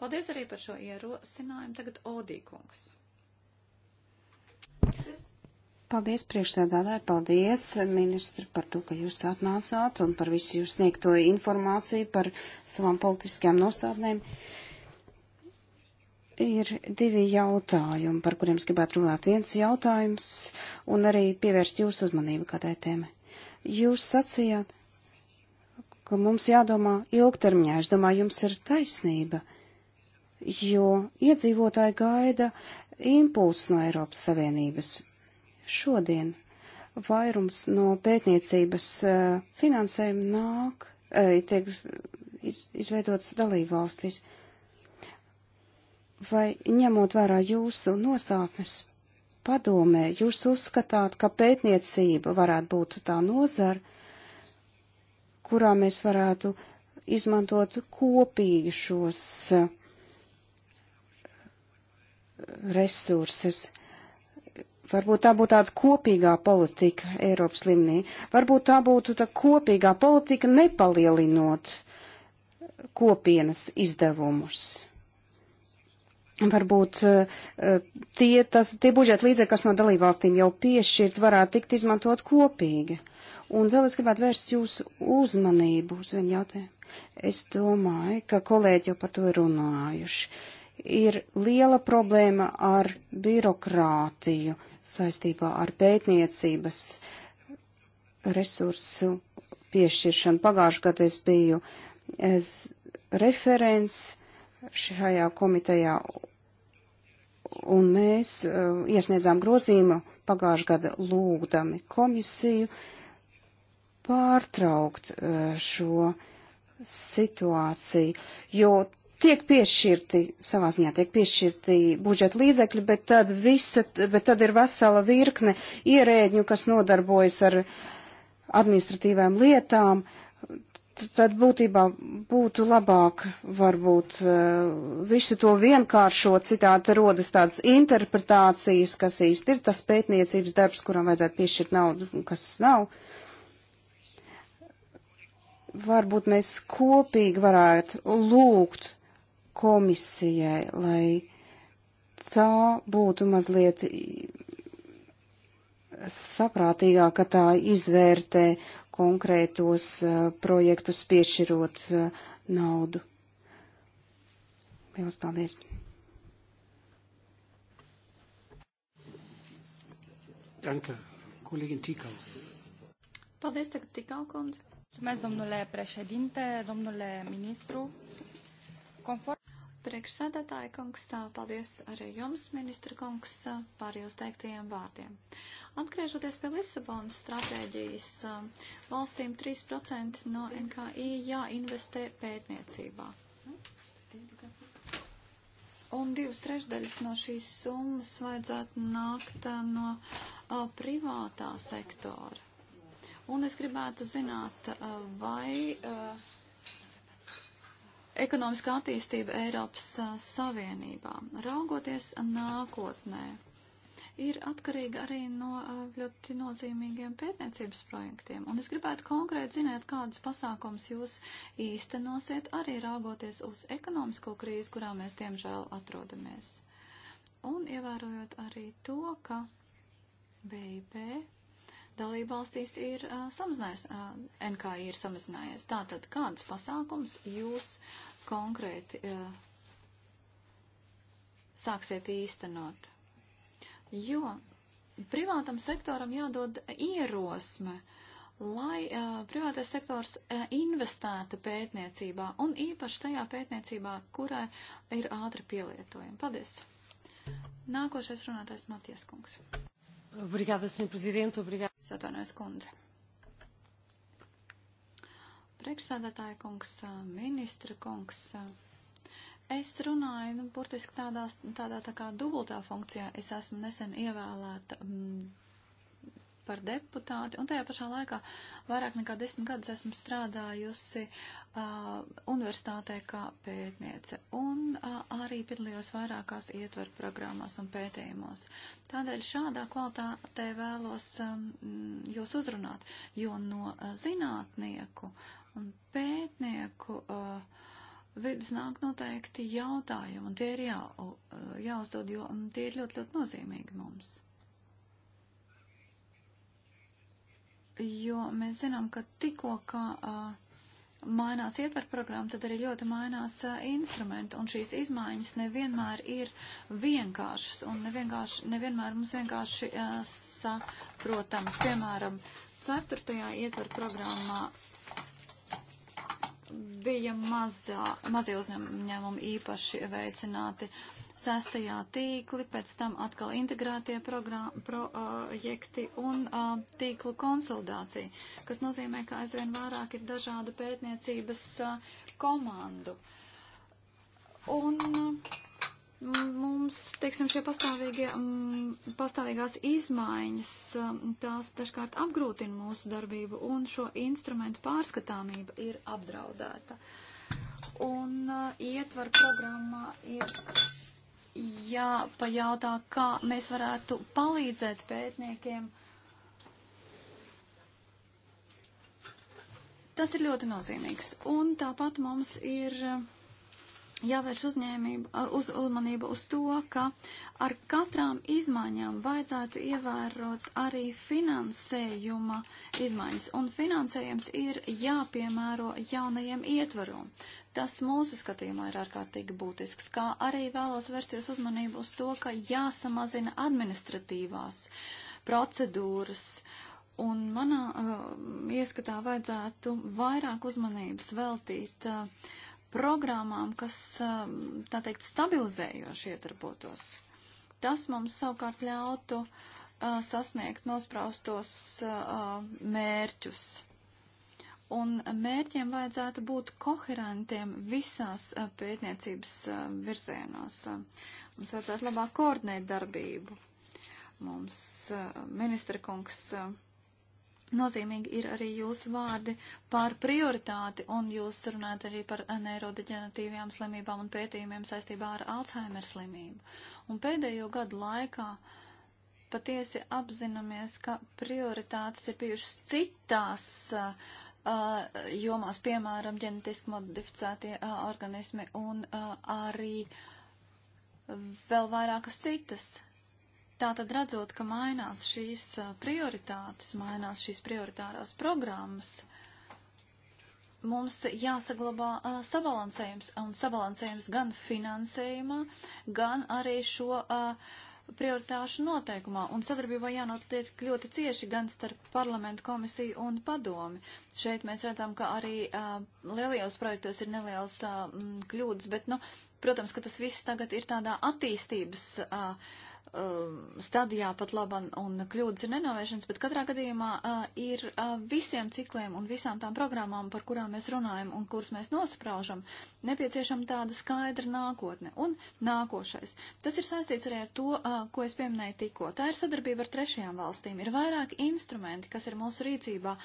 Paldies arī par šo ierosinājumu. Tagad Odīkungs. Paldies, paldies priekšsēdētāji, paldies, ministri, par to, ka jūs atnācāt un par visu jūs sniegto informāciju par savām politiskajām nostādnēm. Ir divi jautājumi, par kuriem es gribētu runāt. Viens jautājums un arī pievērst jūsu uzmanību kādai tēmai. Jūs sacījāt, ka mums jādomā ilgtermiņā. Es domāju, jums ir taisnība, jo iedzīvotāji gaida impulsu no Eiropas Savienības. Šodien vairums no pētniecības eh, finansējuma nāk, eh, tiek izveidots dalībvalstīs. Vai ņemot vērā jūsu nostātnes padomē, jūs uzskatāt, ka pētniecība varētu būt tā nozara, kurā mēs varētu izmantot kopīgi šos eh, resursus. Varbūt tā būtu tāda kopīgā politika Eiropas līmenī. Varbūt tā būtu tā kopīgā politika nepalielinot kopienas izdevumus. Varbūt eh, tie, tas, tie budžeta līdzekļi, kas no dalībvalstīm jau piešķirt, varētu tikt izmantot kopīgi. Un vēl es gribētu vērst jūsu uzmanību uz vienu jautājumu. Es domāju, ka kolēģi jau par to ir runājuši. Ir liela problēma ar birokrātiju saistībā ar pētniecības resursu piešķiršanu. Pagājušajā gadā es biju es referents šajā komitejā, un mēs uh, iesniedzām grozījumu pagājušajā gada lūgdami komisiju uh, pārtraukt e, šo situāciju, jo tiek piešķirti, savā ziņā tiek piešķirti budžeta līdzekļi, bet tad, visa, bet tad ir vesela virkne ierēģņu, kas nodarbojas ar administratīvām lietām, tad būtībā būtu labāk varbūt e, visu to vienkāršot, citādi rodas tādas interpretācijas, kas īsti ir tas pētniecības darbs, kuram vajadzētu piešķirt naudu, kas nav varbūt mēs kopīgi varētu lūgt komisijai, lai tā būtu mazliet saprātīgāk, ka tā izvērtē konkrētos uh, projektus piešķirot uh, naudu. Lielas paldies! Danke, kolēģi Tikau. Paldies, tagad Tikau kundze. Mēs, domnule prešedinte, domnule ministru, konform. Priekšsēdētāja kungs, paldies arī jums, ministra kungs, par jūs teiktajiem vārdiem. Atgriežoties pie Lisabonas stratēģijas, valstīm 3% no NKI jāinvestē pētniecībā. Un divas trešdaļas no šīs summas vajadzētu nākt no privātā sektora Un es gribētu zināt, vai ekonomiskā attīstība Eiropas Savienībā, raugoties nākotnē, ir atkarīga arī no ļoti nozīmīgiem pētniecības projektiem. Un es gribētu konkrēti zināt, kādus pasākums jūs īstenosiet, arī raugoties uz ekonomisko krīzi, kurā mēs diemžēl atrodamies. Un ievērojot arī to, ka BIP dalību valstīs ir uh, samazinājies, uh, NKI ir samazinājies. Tātad, kādas pasākums jūs konkrēti uh, sāksiet īstenot? Jo privātam sektoram jādod ierosme, lai uh, privātais sektors uh, investētu pētniecībā un īpaši tajā pētniecībā, kurai ir ātri pielietojama. Paldies! Nākošais runātais Matieskungs. Obrigada, Sr. Prezidente. Obrigada. Es atvainojos, kundze. Priekšsēdētāja kungs, ministra kungs. Es runāju, nu, burtiski tādā, tādā tā kā dubultā funkcijā. Es esmu nesen ievēlēta m, mm, par deputāti, un tajā pašā laikā vairāk nekā desmit gadus esmu strādājusi uh, universitātē kā pētniece, un uh, arī piedalījos vairākās ietveru programmās un pētījumos. Tādēļ šādā kvalitātē vēlos um, jūs uzrunāt, jo no uh, zinātnieku un pētnieku. Uh, Vidus nāk noteikti jautājumi, un tie ir jā, jāuzdod, jo tie ir ļoti, ļoti nozīmīgi mums. jo mēs zinām, ka tikko, ka uh, mainās ietver programma, tad arī ļoti mainās uh, instrumenti, un šīs izmaiņas nevienmēr ir vienkāršas, un nevienkārši, nevienmēr mums vienkārši uh, saprotams. Piemēram, ceturtajā ietver programmā bija mazā, mazie uzņēmumi īpaši veicināti. Sestajā tīkli, pēc tam atkal integrētie projekti un uh, tīklu konsolidācija, kas nozīmē, ka aizvien vairāk ir dažādu pētniecības uh, komandu. Un uh, mums, teiksim, šie pastāvīgās izmaiņas, tās dažkārt apgrūtina mūsu darbību un šo instrumentu pārskatāmība ir apdraudēta. Un uh, ietvar programmā ir jāpajautā, kā mēs varētu palīdzēt pētniekiem. Tas ir ļoti nozīmīgs. Un tāpat mums ir. Uh, jāvērš uzņēmība, uz, uzmanība uz to, ka ar katrām izmaiņām vajadzētu ievērot arī finansējuma izmaiņas, un finansējums ir jāpiemēro jaunajiem ietvarom. Tas mūsu skatījumā ir ārkārtīgi būtisks, kā arī vēlos vērsties uzmanību uz to, ka jāsamazina administratīvās procedūras. Un manā uh, ieskatā vajadzētu vairāk uzmanības veltīt uh, programmām, kas, um, tā teikt, stabilizējoši iedarbotos. Tas mums savukārt ļautu uh, sasniegt nospraustos uh, mērķus. Un mērķiem vajadzētu būt koherentiem visās uh, pētniecības uh, virzienos. Uh, mums vajadzētu labāk koordinēt darbību. Mums uh, ministra kungs Nozīmīgi ir arī jūsu vārdi par prioritāti, un jūs runājat arī par neirodeģenatīvajām slimībām un pētījumiem saistībā ar Alzheimer slimību. Un pēdējo gadu laikā patiesi apzināmies, ka prioritātes ir bijušas citās uh, jomās, piemēram, ģenetiski modificētie uh, organismi un uh, arī vēl vairākas citas Tātad redzot, ka mainās šīs uh, prioritātes, mainās šīs prioritārās programmas, mums jāsaglabā uh, sabalansējums, un sabalansējums gan finansējumā, gan arī šo uh, prioritāšu noteikumā, un sadarbībā jānotiek ļoti cieši gan starp parlamentu komisiju un padomi. Šeit mēs redzam, ka arī uh, lielajos projektos ir nelielas uh, kļūdas, bet, nu, protams, ka tas viss tagad ir tādā attīstības. Uh, Um, stadijā pat laban un kļūdas ir nenovēršanas, bet katrā gadījumā uh, ir uh, visiem cikliem un visām tām programmām, par kurām mēs runājam un kuras mēs nospraužam, nepieciešama tāda skaidra nākotne un nākošais. Tas ir saistīts arī ar to, uh, ko es pieminēju tikko. Tā ir sadarbība ar trešajām valstīm. Ir vairāki instrumenti, kas ir mūsu rīcībā,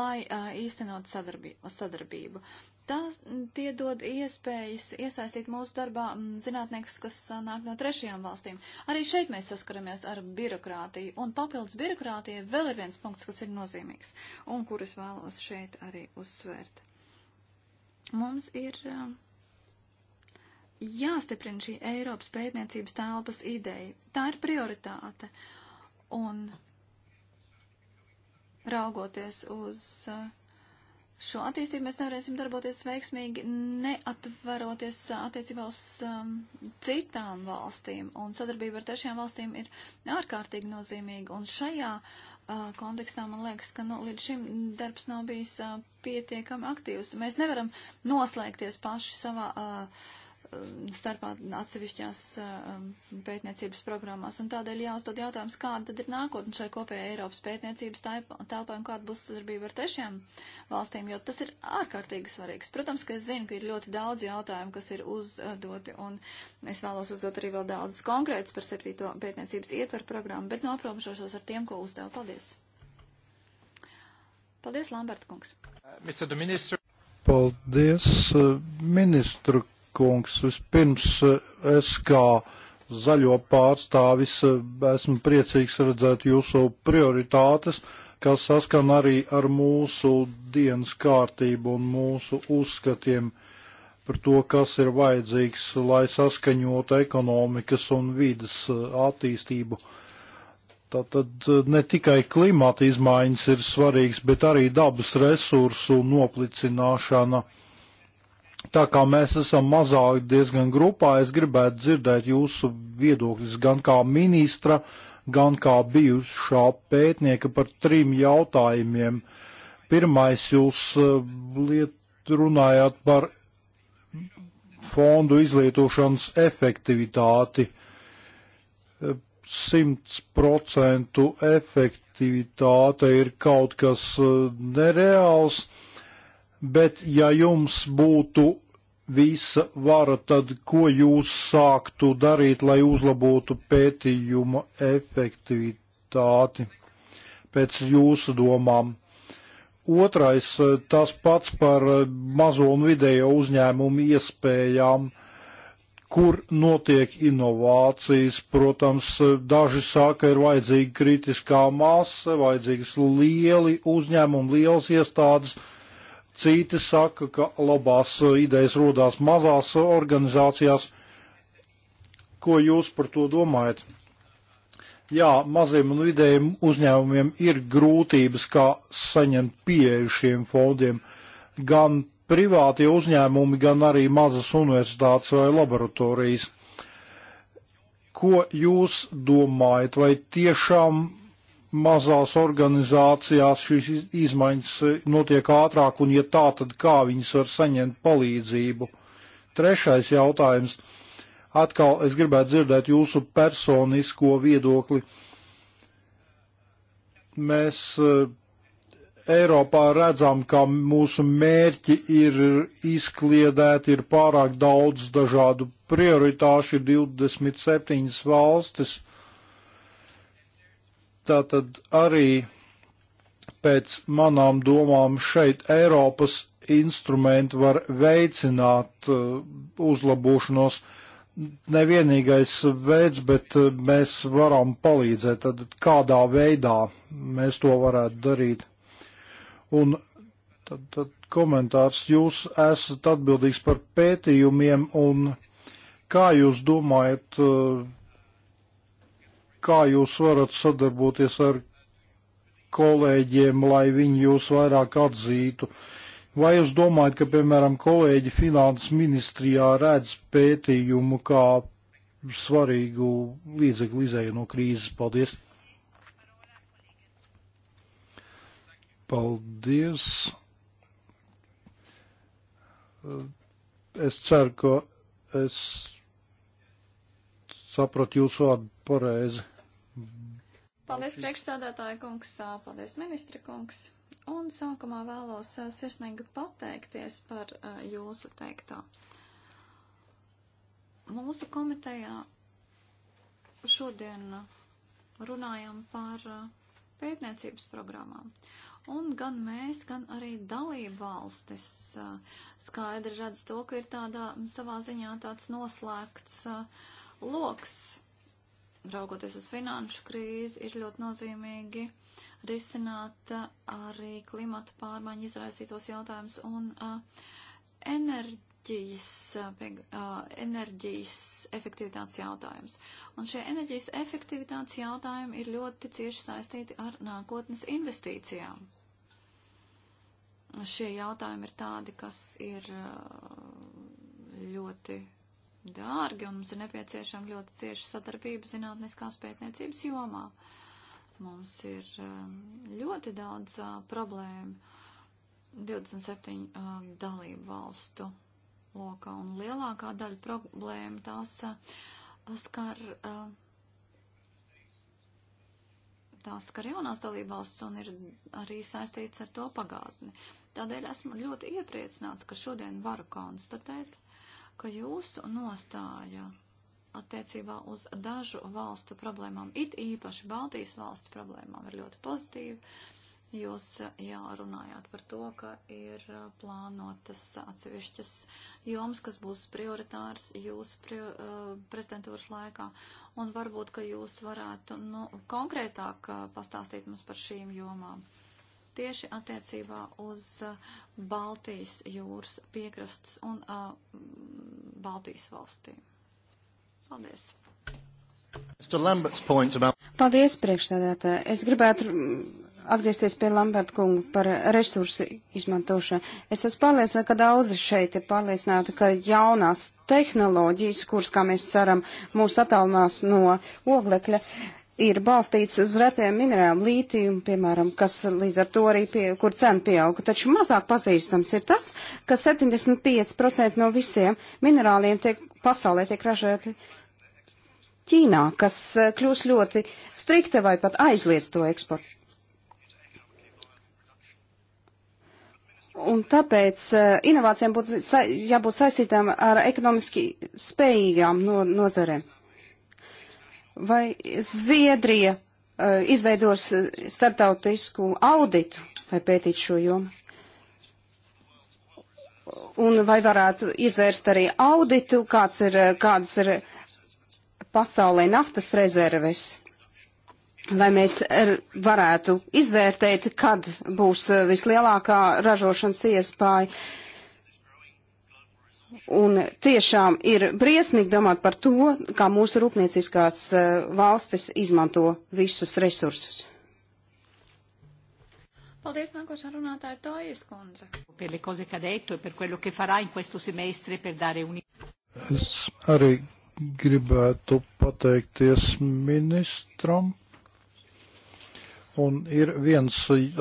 lai uh, īstenot sadarbību. sadarbību. Tas tie dod iespējas iesaistīt mūsu darbā mm, zinātniekus, kas nāk no trešajām valstīm. Arī šeit mēs saskaramies ar birokrātiju, un papildus birokrātijai vēl ir viens punkts, kas ir nozīmīgs, un kurus vēlos šeit arī uzsvērt. Mums ir jāstiprina šī Eiropas pētniecības telpas ideja. Tā ir prioritāte. Un raugoties uz uh, šo attīstību mēs nevarēsim darboties veiksmīgi, neatveroties attiecībā uz um, citām valstīm. Un sadarbība ar trešajām valstīm ir ārkārtīgi nozīmīga. Un šajā uh, kontekstā man liekas, ka nu, līdz šim darbs nav bijis uh, pietiekami aktīvs. Mēs nevaram noslēgties paši savā. Uh, starpā atsevišķās um, pētniecības programmās. Un tādēļ jāuzdod jautājums, kāda tad ir nākotne šai kopējai Eiropas pētniecības telpai un kāda būs sadarbība ar trešajām valstīm, jo tas ir ārkārtīgi svarīgs. Protams, ka es zinu, ka ir ļoti daudz jautājumu, kas ir uzdoti, un es vēlos uzdot arī vēl daudz konkrētus par septīto pētniecības ietveru programmu, bet noprobežošos ar tiem, ko uzdevu. Paldies! Paldies, Lamberta kungs! Uh, Paldies, uh, ministru kungs. Vispirms eh, es kā zaļo pārstāvis eh, esmu priecīgs redzēt jūsu prioritātes, kas saskan arī ar mūsu dienas kārtību un mūsu uzskatiem par to, kas ir vajadzīgs, lai saskaņotu ekonomikas un vidas eh, attīstību. Tātad ne tikai klimata izmaiņas ir svarīgas, bet arī dabas resursu noplicināšana. Uh, tā kā mēs esam mazāk diezgan grupā, es gribētu dzirdēt jūsu viedokļus gan kā ministra, gan kā bijušā pētnieka par trim jautājumiem. Pirmais jūs eh, liet, runājāt par fondu izlietošanas efektivitāti. 100% efektivitāte ir kaut kas eh, nereāls, bet ja jums būtu visa vara, tad ko jūs sāktu darīt, lai uzlabotu pētījuma efektivitāti pēc jūsu domām? Otrais, tas pats par mazo un vidējo uzņēmumu iespējām, kur notiek inovācijas. Protams, daži saka, ir vajadzīga kritiskā masa, vajadzīgas lieli uzņēmumi, lielas iestādes, uh, Citi saka, ka labās idejas rodās mazās organizācijās. Ko jūs par to domājat? Jā, maziem un vidējiem uzņēmumiem ir grūtības, kā saņemt pieeju šiem fondiem. Gan privātie uzņēmumi, gan arī mazas universitātes vai laboratorijas. Ko jūs domājat, vai tiešām mazās organizācijās šīs izmaiņas e, notiek ātrāk, un ja tā, tad kā viņas var saņemt palīdzību? Trešais jautājums. Atkal es gribētu dzirdēt jūsu personisko viedokli. Mēs e, Eiropā redzam, ka mūsu mērķi ir izkliedēti, ir pārāk daudz dažādu prioritāšu, ir 27 valstis Tātad arī pēc manām domām šeit Eiropas instrumenti var veicināt uh, uzlabošanos. Nevienīgais veids, bet uh, mēs varam palīdzēt, tad kādā veidā mēs to varētu darīt. Un tad, tad komentārs, jūs esat atbildīgs par pētījumiem un kā jūs domājat, uh, kā jūs varat sadarboties ar kolēģiem, lai viņi jūs vairāk atzītu? Vai jūs domājat, ka, piemēram, kolēģi finanses ministrijā redz pētījumu kā svarīgu līdzekļu izēju no krīzes? Paldies! Paldies! Es ceru, ka es sapratu jūsu vārdu pareizi. Paldies, priekšsādātāja kungs, paldies, ministra kungs. Un sākumā vēlos sirsnīgi pateikties par jūsu teikto. Mūsu komitejā šodien runājam par pētniecības programmām. Un gan mēs, gan arī dalība valstis skaidri redz to, ka ir tādā savā ziņā tāds noslēgts loks raugoties uz finanšu krīzi, ir ļoti nozīmīgi risināt uh, arī klimata pārmaiņu izraisītos jautājumus un uh, enerģijas, uh, enerģijas efektivitātes jautājumus. Un šie enerģijas efektivitātes jautājumi ir ļoti cieši saistīti ar nākotnes investīcijām. Šie jautājumi ir tādi, kas ir ļoti dārgi, un mums ir nepieciešama ļoti cieša sadarbība zinātniskās pētniecības jomā. Mums ir um, ļoti daudz uh, problēmu 27 um, dalību valstu lokā, un lielākā daļa problēma tās uh, skar. Um, tās skar jaunās dalībvalsts un ir arī saistīts ar to pagātni. Tādēļ esmu ļoti iepriecināts, ka šodien varu konstatēt, ka jūsu nostāja attiecībā uz dažu valstu problēmām, it īpaši Baltijas valstu problēmām, ir ļoti pozitīva. Jūs eh, jārunājāt par to, ka ir eh, plānotas atsevišķas jomas, kas būs prioritārs jūsu pri, uh, prezidentūras laikā, un varbūt, ka jūs varētu nu, konkrētāk pastāstīt mums par šīm jomām. Uh, tieši attiecībā uz uh, Baltijas jūras piekrastes un uh, Baltijas valstīm. Paldies! About... Paldies, priekšstādātā. Es gribētu mm, atgriezties pie Lamberta kunga par resursu izmantošanu. Es esmu pārliecināta, ka daudzi šeit ir pārliecināti, ka jaunās tehnoloģijas, kuras, kā mēs ceram, mūs attālinās no oglekļa, uh, ir balstīts uz retiem minerāliem, lītījumu, piemēram, kas līdz ar to arī, pie, kur cena pieauga. Taču mazāk pazīstams ir tas, ka 75% no visiem minerāliem tiek pasaulē tiek ražēti Ķīnā, kas eh, kļūs ļoti strikte vai pat aizliedz to eksportu. Un tāpēc eh, inovācijām būtu jābūt saistītām ar ekonomiski spējīgām no, nozarēm. Vai Zviedrija uh, izveidos eh, starptautisku auditu, lai pētītu šo jomu? Un vai varētu izvērst arī auditu, kāds ir, eh, kādas ir pasaulē naftas rezerves? lai mēs varētu izvērtēt, kad būs vislielākā ražošanas iespēja, Un tiešām ir briesmīgi domāt par to, kā mūsu rūpnieciskās e, valstis izmanto visus resursus. Paldies, nākošā runātāja Tojas kundze. E es arī gribētu pateikties ministram Un ir viens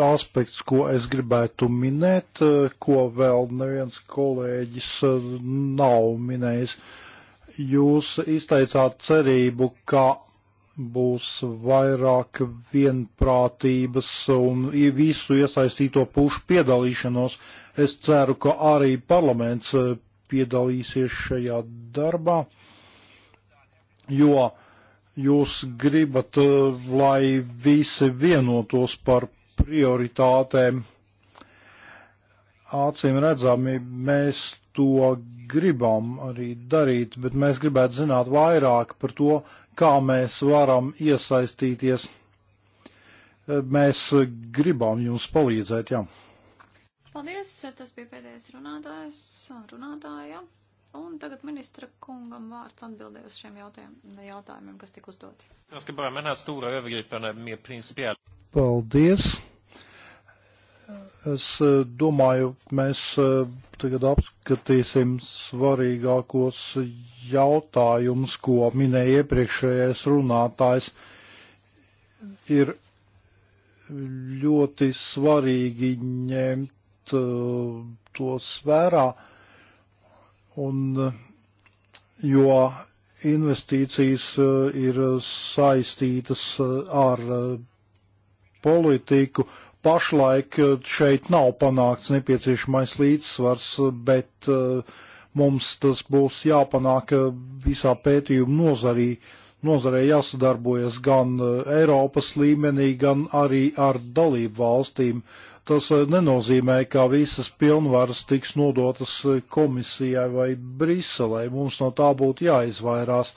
aspekts, ko es gribētu minēt, eh, ko vēl neviens kolēģis eh, nav minējis. Jūs izteicāt cerību, ka būs vairāk vienprātības un visu iesaistīto pušu piedalīšanos. Es ceru, ka arī parlaments eh, piedalīsies šajā darbā, jo uh, jūs gribat, eh, lai visi vienotos par prioritātēm. Acīm redzami, mēs to gribam arī darīt, bet mēs gribētu zināt vairāk par to, kā mēs varam iesaistīties. Eh, mēs gribam jums palīdzēt, jā. Paldies, tas bija pēdējais runātājs un runātāja. Un tagad ministra kungam vārds atbildēja uz šiem jautājumiem, kas tika uzdoti. Es gribēju minēt stūra ievagrīpēnē, mie principiāli. Paldies. Es eh, domāju, mēs eh, tagad apskatīsim svarīgākos jautājumus, ko minēja iepriekšējais runātājs. Ir ļoti svarīgi ņemt eh, tos vērā. Uh, un jo investīcijas eh, ir saistītas eh, ar eh, politiku. Pašlaik šeit nav panākts nepieciešamais līdzsvars, bet mums tas būs jāpanāk visā pētījuma nozarī. Nozarē jāsadarbojas gan Eiropas līmenī, gan arī ar dalību valstīm. Uh, Tas eh, nenozīmē, ka visas pilnvaras tiks nodotas eh, komisijai vai Briselē. Mums no tā būtu jāizvairās.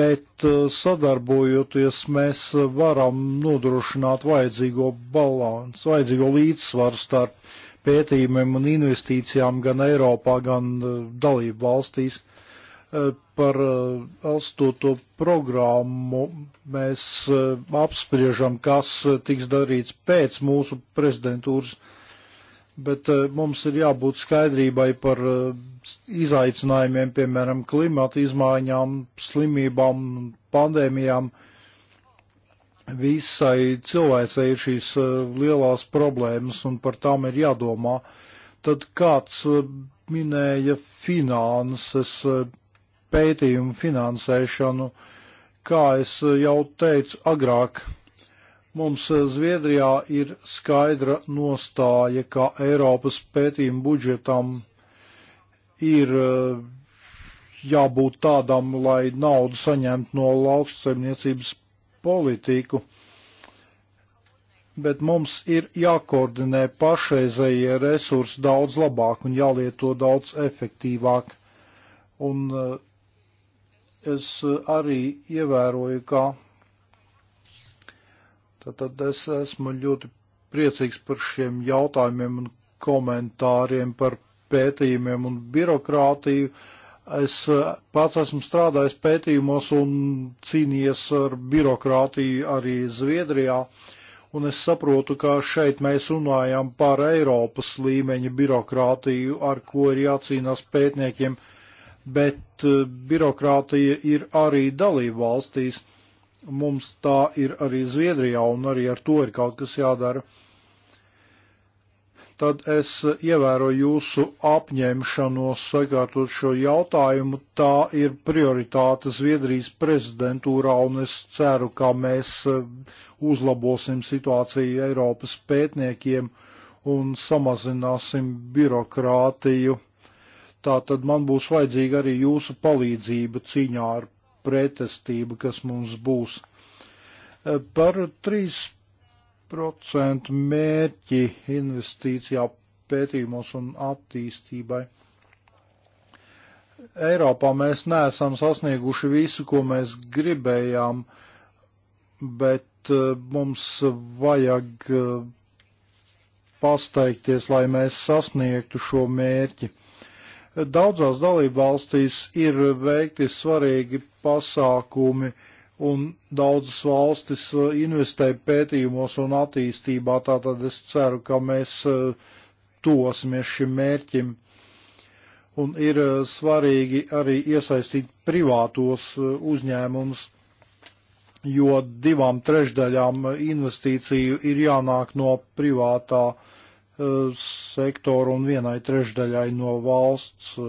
Bet eh, sadarbojoties, mēs varam nodrošināt vajadzīgo balansu, vajadzīgo līdzsvaru starp pētījumiem un investīcijām gan Eiropā, gan dalību valstīs. Uh, par astoto eh, programmu mēs eh, apspriežam, kas eh, tiks darīts pēc mūsu prezidentūras, bet mums ir jābūt skaidrībai par izaicinājumiem, piemēram, klimata izmaiņām, slimībām, pandēmijām. Visai cilvēcei ir šīs lielās problēmas un par tām ir jādomā. Tad kāds minēja finanses, pētījumu finansēšanu. Kā es jau teicu agrāk, mums Zviedrijā ir skaidra nostāja, ka Eiropas pētījumu budžetam ir eh, jābūt tādam, lai naudu saņemtu no lauksaimniecības politiku bet mums ir jākoordinē pašreizējie resursi daudz labāk un jālieto daudz efektīvāk. Un eh, es arī ievēroju, ka tātad es esmu ļoti priecīgs par šiem jautājumiem un komentāriem par pētījumiem un birokrātiju. Es pats esmu strādājis pētījumos un cīnījies ar birokrātiju arī Zviedrijā, un es saprotu, ka šeit mēs runājam par Eiropas līmeņa birokrātiju, ar ko ir jācīnās pētniekiem. Uh, bet eh, birokrātija ir arī dalību valstīs. Mums tā ir arī Zviedrijā, un arī ar to ir kaut kas jādara. Tad es ievēroju jūsu apņemšanos sakārtot šo jautājumu. Tā ir prioritāte Zviedrijas prezidentūrā, un es ceru, ka mēs eh, uzlabosim situāciju Eiropas pētniekiem un samazināsim birokrātiju Tā tad man būs vajadzīga arī jūsu palīdzība cīņā ar pretestību, kas mums būs. E, par 3% mērķi investīcijā pētījumos un attīstībai. Eiropā mēs neesam sasnieguši visu, ko mēs gribējām, bet e, mums vajag e, pasteikties, lai mēs sasniegtu šo mērķi Daudzās dalībvalstīs ir veikti svarīgi pasākumi, un daudzas valstis eh, investē pētījumos un attīstībā, tātad es ceru, ka mēs eh, tosimies šim mērķim. Un ir eh, svarīgi arī iesaistīt privātos uzņēmumus, jo divām trešdaļām investīciju ir jānāk no privātā uh, Eh, sektoru un vienai trešdaļai no valsts eh,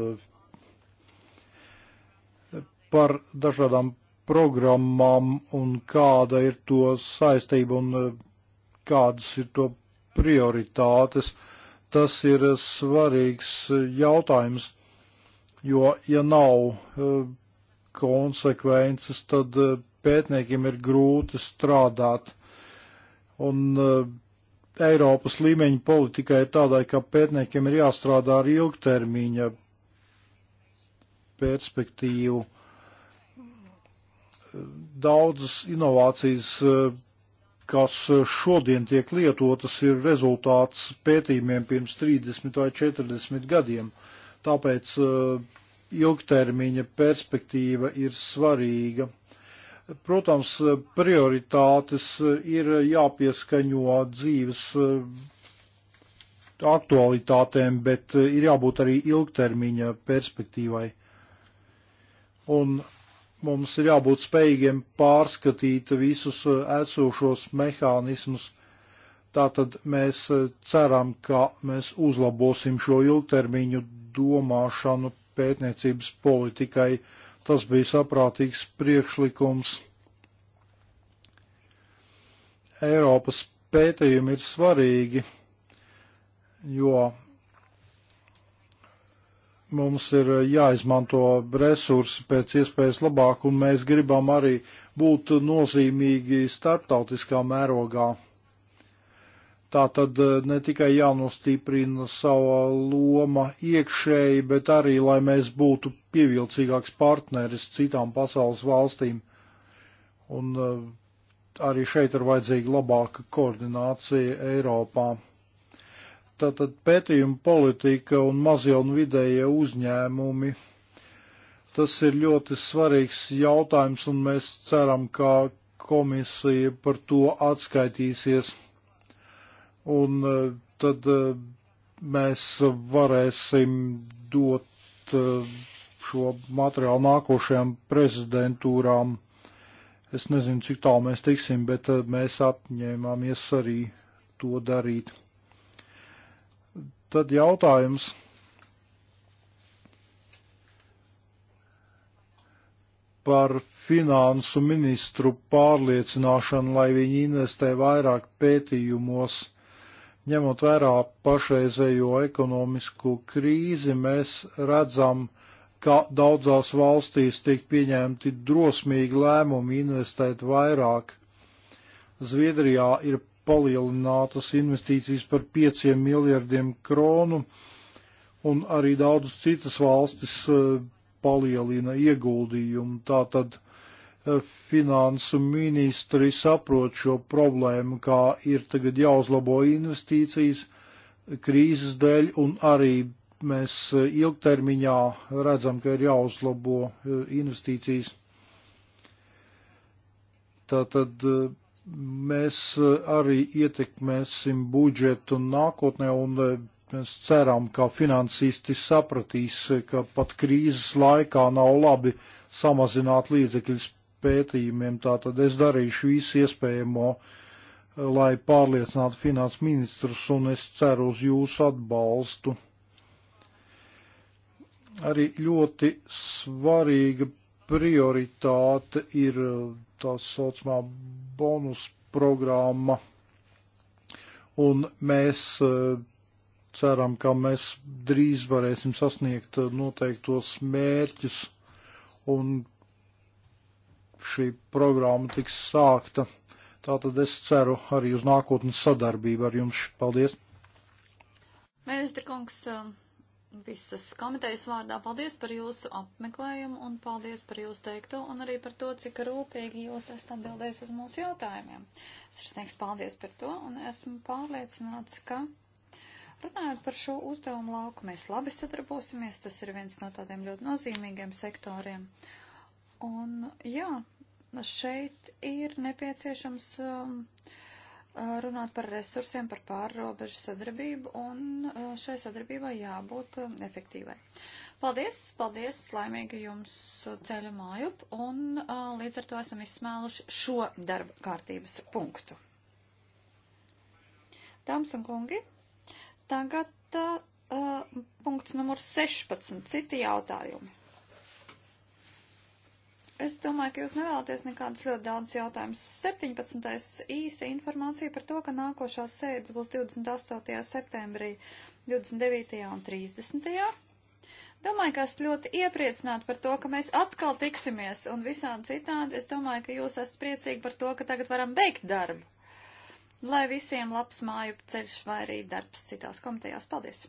par dažādām programmām un kāda ir to saistība un eh, kādas ir to prioritātes. Tas ir svarīgs jautājums, jo ja nav konsekvences, tad pētniekiem ir grūti strādāt. Un Eiropas līmeņa politika ir tādai, ka pētniekiem ir jāstrādā ar ilgtermiņa perspektīvu. Daudzas inovācijas, kas šodien tiek lietotas, ir rezultāts pētījumiem pirms 30 vai 40 gadiem. Tāpēc eh, ilgtermiņa perspektīva ir svarīga. Protams, prioritātes ir jāpieskaņo dzīves eh, aktualitātēm, bet eh, ir jābūt arī ilgtermiņa perspektīvai. Un mums ir jābūt spējīgiem pārskatīt visus eh, esošos mehānismus. Tātad mēs ceram, ka mēs uzlabosim šo ilgtermiņu domāšanu pētniecības politikai Tas bija saprātīgs priekšlikums. Eiropas pētījumi ir svarīgi, jo mums ir jāizmanto resursi pēc iespējas labāk, un mēs gribam arī būt nozīmīgi starptautiskā mērogā. Tā tad eh, ne tikai jānostiprina sava loma iekšēji, bet arī, lai mēs būtu pievilcīgāks partneris citām pasaules valstīm. Un eh, arī šeit ir vajadzīga labāka koordinācija Eiropā. Tātad pētījuma politika un mazie un vidējie uzņēmumi. Tas ir ļoti svarīgs jautājums, un mēs ceram, ka komisija par to atskaitīsies un e, tad e, mēs varēsim dot e, šo materiālu nākošajām prezidentūrām. Es nezinu, cik tālu mēs tiksim, bet mēs apņēmāmies arī to darīt. Tad jautājums. par finansu ministru pārliecināšanu, lai viņi investē vairāk pētījumos Ņemot vērā pašreizējo ekonomisko krīzi, mēs redzam, ka daudzās valstīs tiek pieņemti drosmīgi lēmumi investēt vairāk. Zviedrijā ir palielinātas investīcijas par 5 miljardiem kronu, un arī daudzas citas valstis eh, palielina ieguldījumu. Tātad finansu ministri saprot šo problēmu, kā ir tagad jāuzlabo investīcijas krīzes dēļ, un arī mēs ilgtermiņā redzam, ka ir jāuzlabo e, investīcijas. Tātad e, mēs e, arī ietekmēsim budžetu nākotnē un mēs ceram, ka finansisti sapratīs, ka pat krīzes laikā nav labi samazināt līdzekļus pētījumiem. Tātad es darīšu visu iespējamo, eh, lai pārliecinātu finanses ministrus, un es ceru uz jūsu atbalstu. Arī ļoti svarīga prioritāte ir eh, tā saucamā bonus programma, un mēs eh, ceram, ka mēs drīz varēsim sasniegt noteiktos mērķus, un šī programma tiks sākta. Tātad es ceru arī uz nākotnes sadarbību ar jums. Paldies! Ministra kungs, um, visas komitejas vārdā paldies par jūsu apmeklējumu un paldies par jūsu teikto un arī par to, cik rūpīgi jūs esat atbildējis uz mūsu jautājumiem. Sirsnīgs paldies par to un esmu pārliecināts, ka. Runājot par šo uzdevumu lauku, mēs labi sadarbosimies, tas ir viens no tādiem ļoti nozīmīgiem sektoriem. Uh, Un jā, šeit ir nepieciešams um, runāt par resursiem, par pārrobežu sadarbību, un uh, šai sadarbībai jābūt um, efektīvai. Paldies, paldies, laimīgi jums ceļu mājup, un uh, līdz ar to esam izsmēluši šo darba kārtības punktu. Dāmas un kungi, tagad uh, uh punkts numur 16, citi jautājumi. Es domāju, ka jūs nevēlaties nekādus ļoti daudz jautājumus. 17. īsa informācija par to, ka nākošās sēdes būs 28. septembrī, 29. un 30. Domāju, ka esat ļoti iepriecināti par to, ka mēs atkal tiksimies un visādi citādi. Es domāju, ka jūs esat priecīgi par to, ka tagad varam beigt darbu. Lai visiem labs māju ceļš vai arī darbs citās komitejās. Paldies!